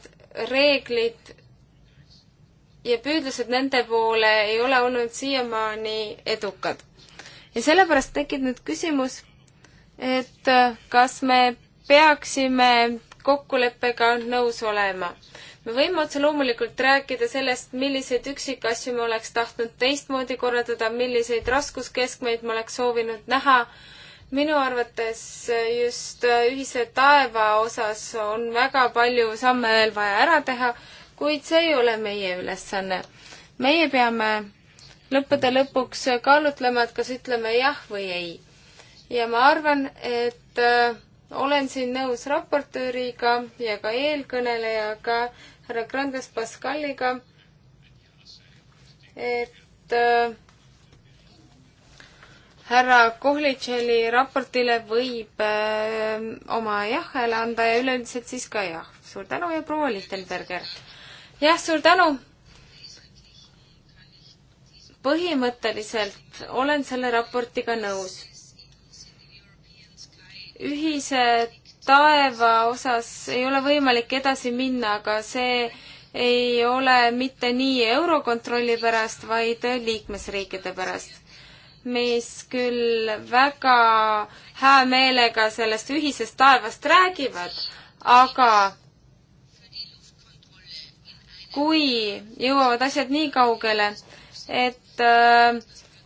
reeglid ja püüdlused nende poole ei ole olnud siiamaani edukad. ja sellepärast tekib nüüd küsimus, et äh, kas me peaksime kokkuleppega nõus olema. me võime otse loomulikult rääkida sellest, milliseid üksikasju me oleks tahtnud teistmoodi korraldada, milliseid raskuskeskmeid me oleks soovinud näha. minu arvates just ühise taeva osas on väga palju samme veel vaja ära teha kuid see ei ole meie ülesanne. meie peame lõppude lõpuks kaalutlema, et kas ütleme jah või ei. ja ma arvan, et äh, olen siin nõus raportööriga ja ka eelkõnelejaga, härra Grandes Pascaliga, et äh, härra Kohlitšeli raportile võib äh, oma jah hääle anda ja üleüldiselt siis ka jah. suur tänu ja proua Lichtenberger! jah, suur tänu! põhimõtteliselt olen selle raportiga nõus. ühise taeva osas ei ole võimalik edasi minna, aga see ei ole mitte nii Eurokontrolli pärast, vaid liikmesriikide pärast mis küll väga hää meelega sellest ühisest taevast räägivad, aga kui jõuavad asjad nii kaugele, et äh,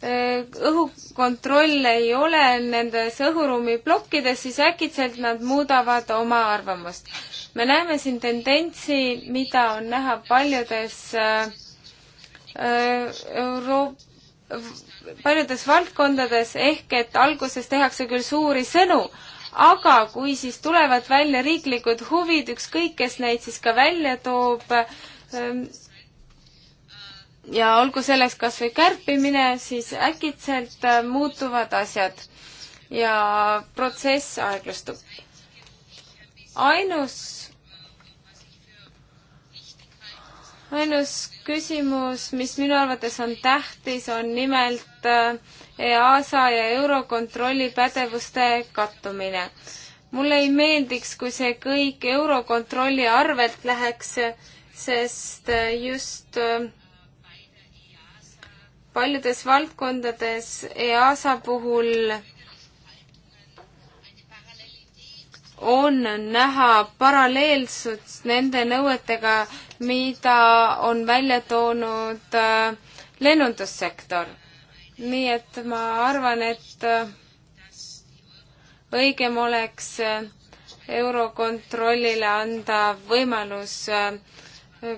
äh, õhukontroll ei ole nendes õhuruumi plokkides, siis äkitselt nad muudavad oma arvamust. me näeme siin tendentsi, mida on näha paljudes äh, äh Euro-, paljudes valdkondades, ehk et alguses tehakse küll suuri sõnu, aga kui siis tulevad välja riiklikud huvid, ükskõik kes neid siis ka välja toob, Ehm, ja olgu selleks kas või kärpimine, siis äkitselt äh, muutuvad asjad ja protsess aeglustub. ainus, ainus küsimus, mis minu arvates on tähtis, on nimelt äh, EASA ja Eurokontrolli pädevuste kattumine. mulle ei meeldiks, kui see kõik Eurokontrolli arvelt läheks äh, sest äh, just äh, paljudes valdkondades EASA puhul on näha paralleelsust nende nõuetega, mida on välja toonud äh, lennundussektor. nii et ma arvan, et õigem oleks Eurokontrollile anda võimalus äh,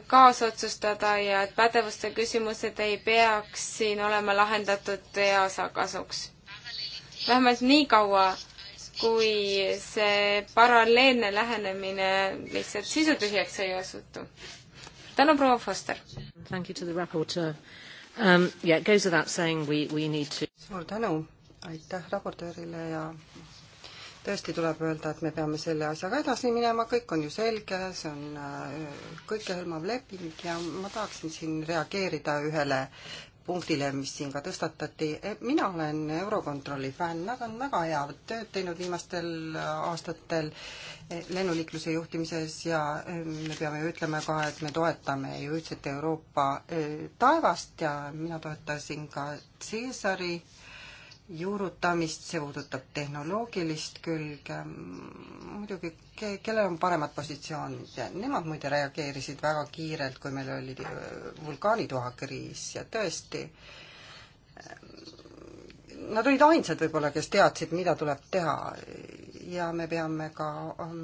kaasotsustada ja et pädevuste küsimused ei peaks siin olema lahendatud EASA kasuks. vähemalt nii kaua, kui see paralleelne lähenemine lihtsalt sisutühjaks ei osutu. tänan, proua Foster! Um, yeah, to... suur tänu, aitäh raportöörile ja tõesti tuleb öelda, et me peame selle asjaga edasi minema, kõik on ju selge, see on äh, kõikehõlmav leping ja ma tahaksin siin reageerida ühele punktile, mis siin ka tõstatati. E, mina olen Eurokontrolli fänn, nad on väga head tööd teinud viimastel äh, aastatel e, lennuliikluse juhtimises ja e, me peame ju ütlema ka, et me toetame ju ühtset Euroopa taevast ja mina toetasin ka Caesari äh, juurutamist, see puudutab tehnoloogilist külge, muidugi ke-, kellel on paremad positsioonid ja nemad muide reageerisid väga kiirelt, kui meil oli äh, vulkaanituhakriis ja tõesti, äh, nad olid ainsad võib-olla, kes teadsid, mida tuleb teha ja me peame ka äh,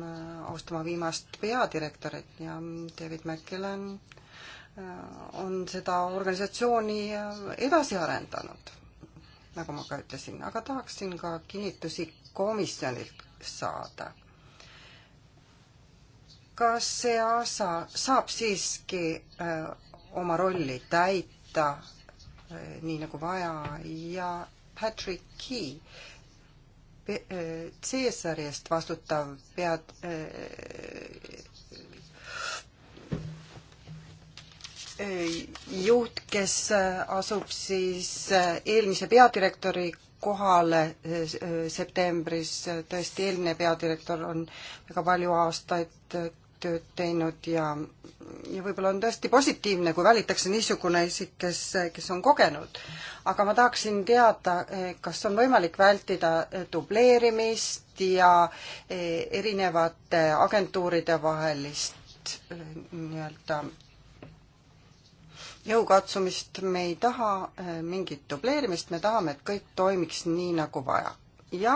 austama viimast peadirektorit ja David McKellen on seda organisatsiooni edasi arendanud nagu ma ka ütlesin, aga tahaksin ka kinnitusi komisjonilt saada. kas see ASA saab siiski öö, äh, oma rolli täita öö, äh, nii nagu vaja ja Patrick Key, äh, Caesari eest vastutav pead, juht, kes asub siis äh, eelmise peadirektori kohale äh, septembris, tõesti eelmine peadirektor on väga palju aastaid äh, tööd teinud ja, ja võib-olla on tõesti positiivne, kui valitakse niisugune isik, kes, kes on kogenud. aga ma tahaksin teada, kas on võimalik vältida dubleerimist ja erinevate agentuuride vahelist nii-öelda jõukatsumist, me ei taha äh, mingit dubleerimist, me tahame, et kõik toimiks nii, nagu vaja. ja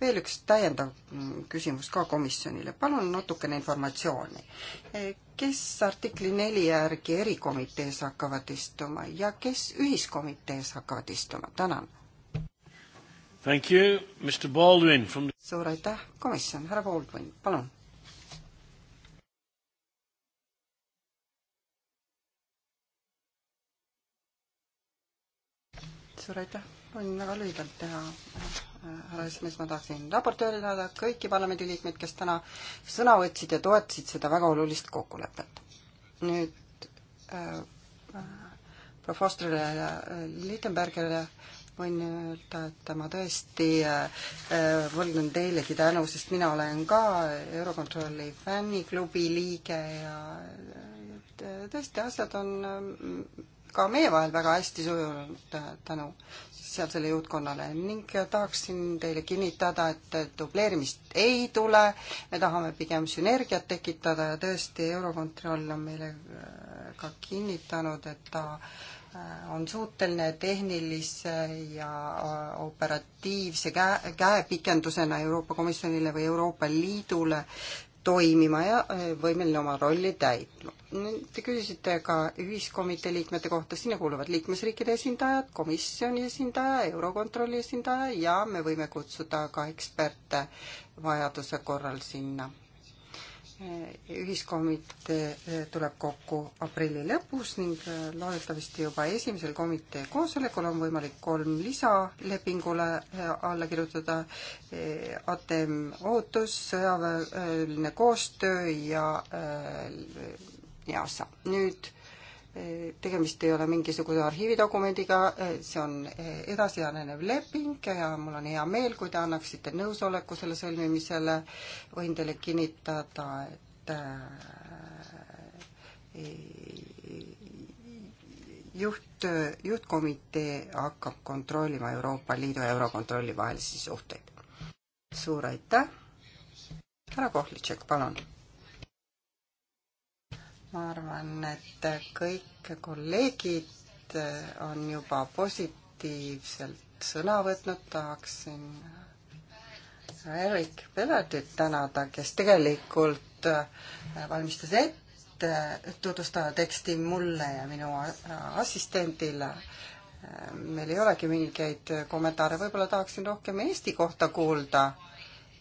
veel üks täiendav mm, küsimus ka komisjonile, palun natukene informatsiooni. Äh, kes artikli neli järgi erikomitees hakkavad istuma ja kes ühiskomitees hakkavad istuma, tänan. Thank you, Mr Baldwin from the... suur aitäh, komisjon, härra Baldwin, palun suur aitäh, võin väga lühidalt teha, äh, härra esimees, ma tahaksin raportööri tänada kõiki parlamendiliikmeid, kes täna sõna võtsid ja toetasid seda väga olulist kokkulepet. nüüd äh, äh proua Fosterile ja äh, Lichtenbergerile võin öelda, et ma tõesti võlgnen teilegi tänu, sest mina olen ka Eurokontrolli fänniklubi liige ja et tõesti, asjad on mm, ka meie vahel väga hästi sujunud äh, tänu sealsele juhtkonnale ning tahaksin teile kinnitada, et dubleerimist ei tule, me tahame pigem sünergiat tekitada ja tõesti, Eurokontroll on meile äh, ka kinnitanud, et ta äh, on suuteline tehnilise ja operatiivse käe, käepikendusena Euroopa Komisjonile või Euroopa Liidule toimima ja äh, võimeline oma rolli täitma. Te küsisite ka ühiskomitee liikmete kohta, sinna kuuluvad liikmesriikide esindajad, komisjoni esindaja, Eurokontrolli esindaja ja me võime kutsuda ka eksperte vajaduse korral sinna ühiskomitee eh, tuleb kokku aprilli lõpus ning eh, loodetavasti juba esimesel komitee koosolekul on võimalik kolm lisalepingule eh, alla kirjutada. ATM ootus, sõjaväeline koostöö ja EASA. nüüd tegemist ei ole mingisuguse arhiividokumendiga, see on edasiarenev leping ja mul on hea meel, kui te annaksite nõusoleku selle sõlmimisele. võin teile kinnitada, et äh, juht, juhtkomitee hakkab kontrollima Euroopa Liidu ja Eurokontrolli vahelisi suhteid. suur aitäh! härra Kohlitšek, palun ma arvan, et kõik kolleegid äh, on juba positiivselt sõna võtnud, tahaksin äh, Erik Peladit tänada, kes tegelikult äh, valmistas ette tutvustava teksti mulle ja minu assistendile. meil ei olegi mingeid kommentaare, võib-olla tahaksin rohkem Eesti kohta kuulda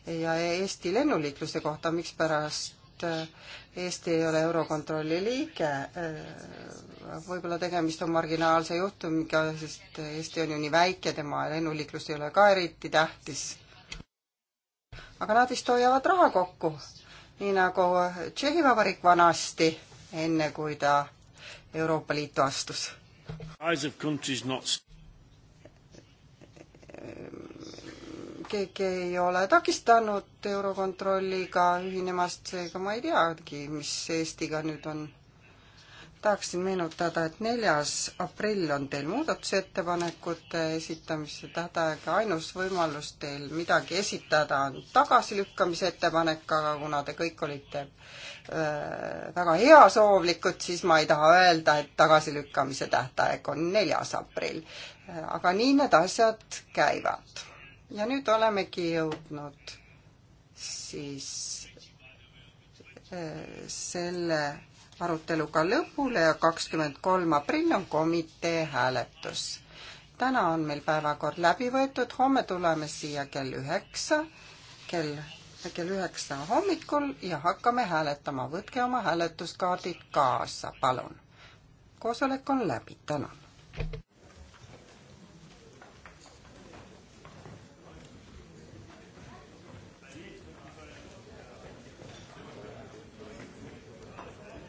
ja Eesti lennuliikluse kohta, mikspärast et äh, Eesti ei ole Eurokontrolli liige. Äh, võib-olla tegemist on marginaalse juhtumiga, sest Eesti on ju nii väike, tema lennuliiklus ei ole ka eriti tähtis. aga nad vist hoiavad raha kokku, nii nagu Tšehhi Vabariik vanasti, enne kui ta Euroopa Liitu astus keegi ei ole takistanud Eurokontrolliga ühinemast, seega ma ei teagi, mis Eestiga nüüd on. tahaksin meenutada, et neljas aprill on teil muudatusettepanekute esitamise tähtaeg ja ainus võimalus teil midagi esitada on tagasilükkamise ettepanek, aga kuna te kõik olite äh, väga heasoovlikud, siis ma ei taha öelda, et tagasilükkamise tähtaeg on neljas aprill. Äh, aga nii need asjad käivad ja nüüd olemegi jõudnud siis äh, selle aruteluga lõpule ja kakskümmend kolm aprill on komitee hääletus. täna on meil päevakord läbi võetud, homme tuleme siia kell üheksa, kell, kell üheksa hommikul ja hakkame hääletama. võtke oma hääletuskaardid kaasa, palun. koosolek on läbi, tänan.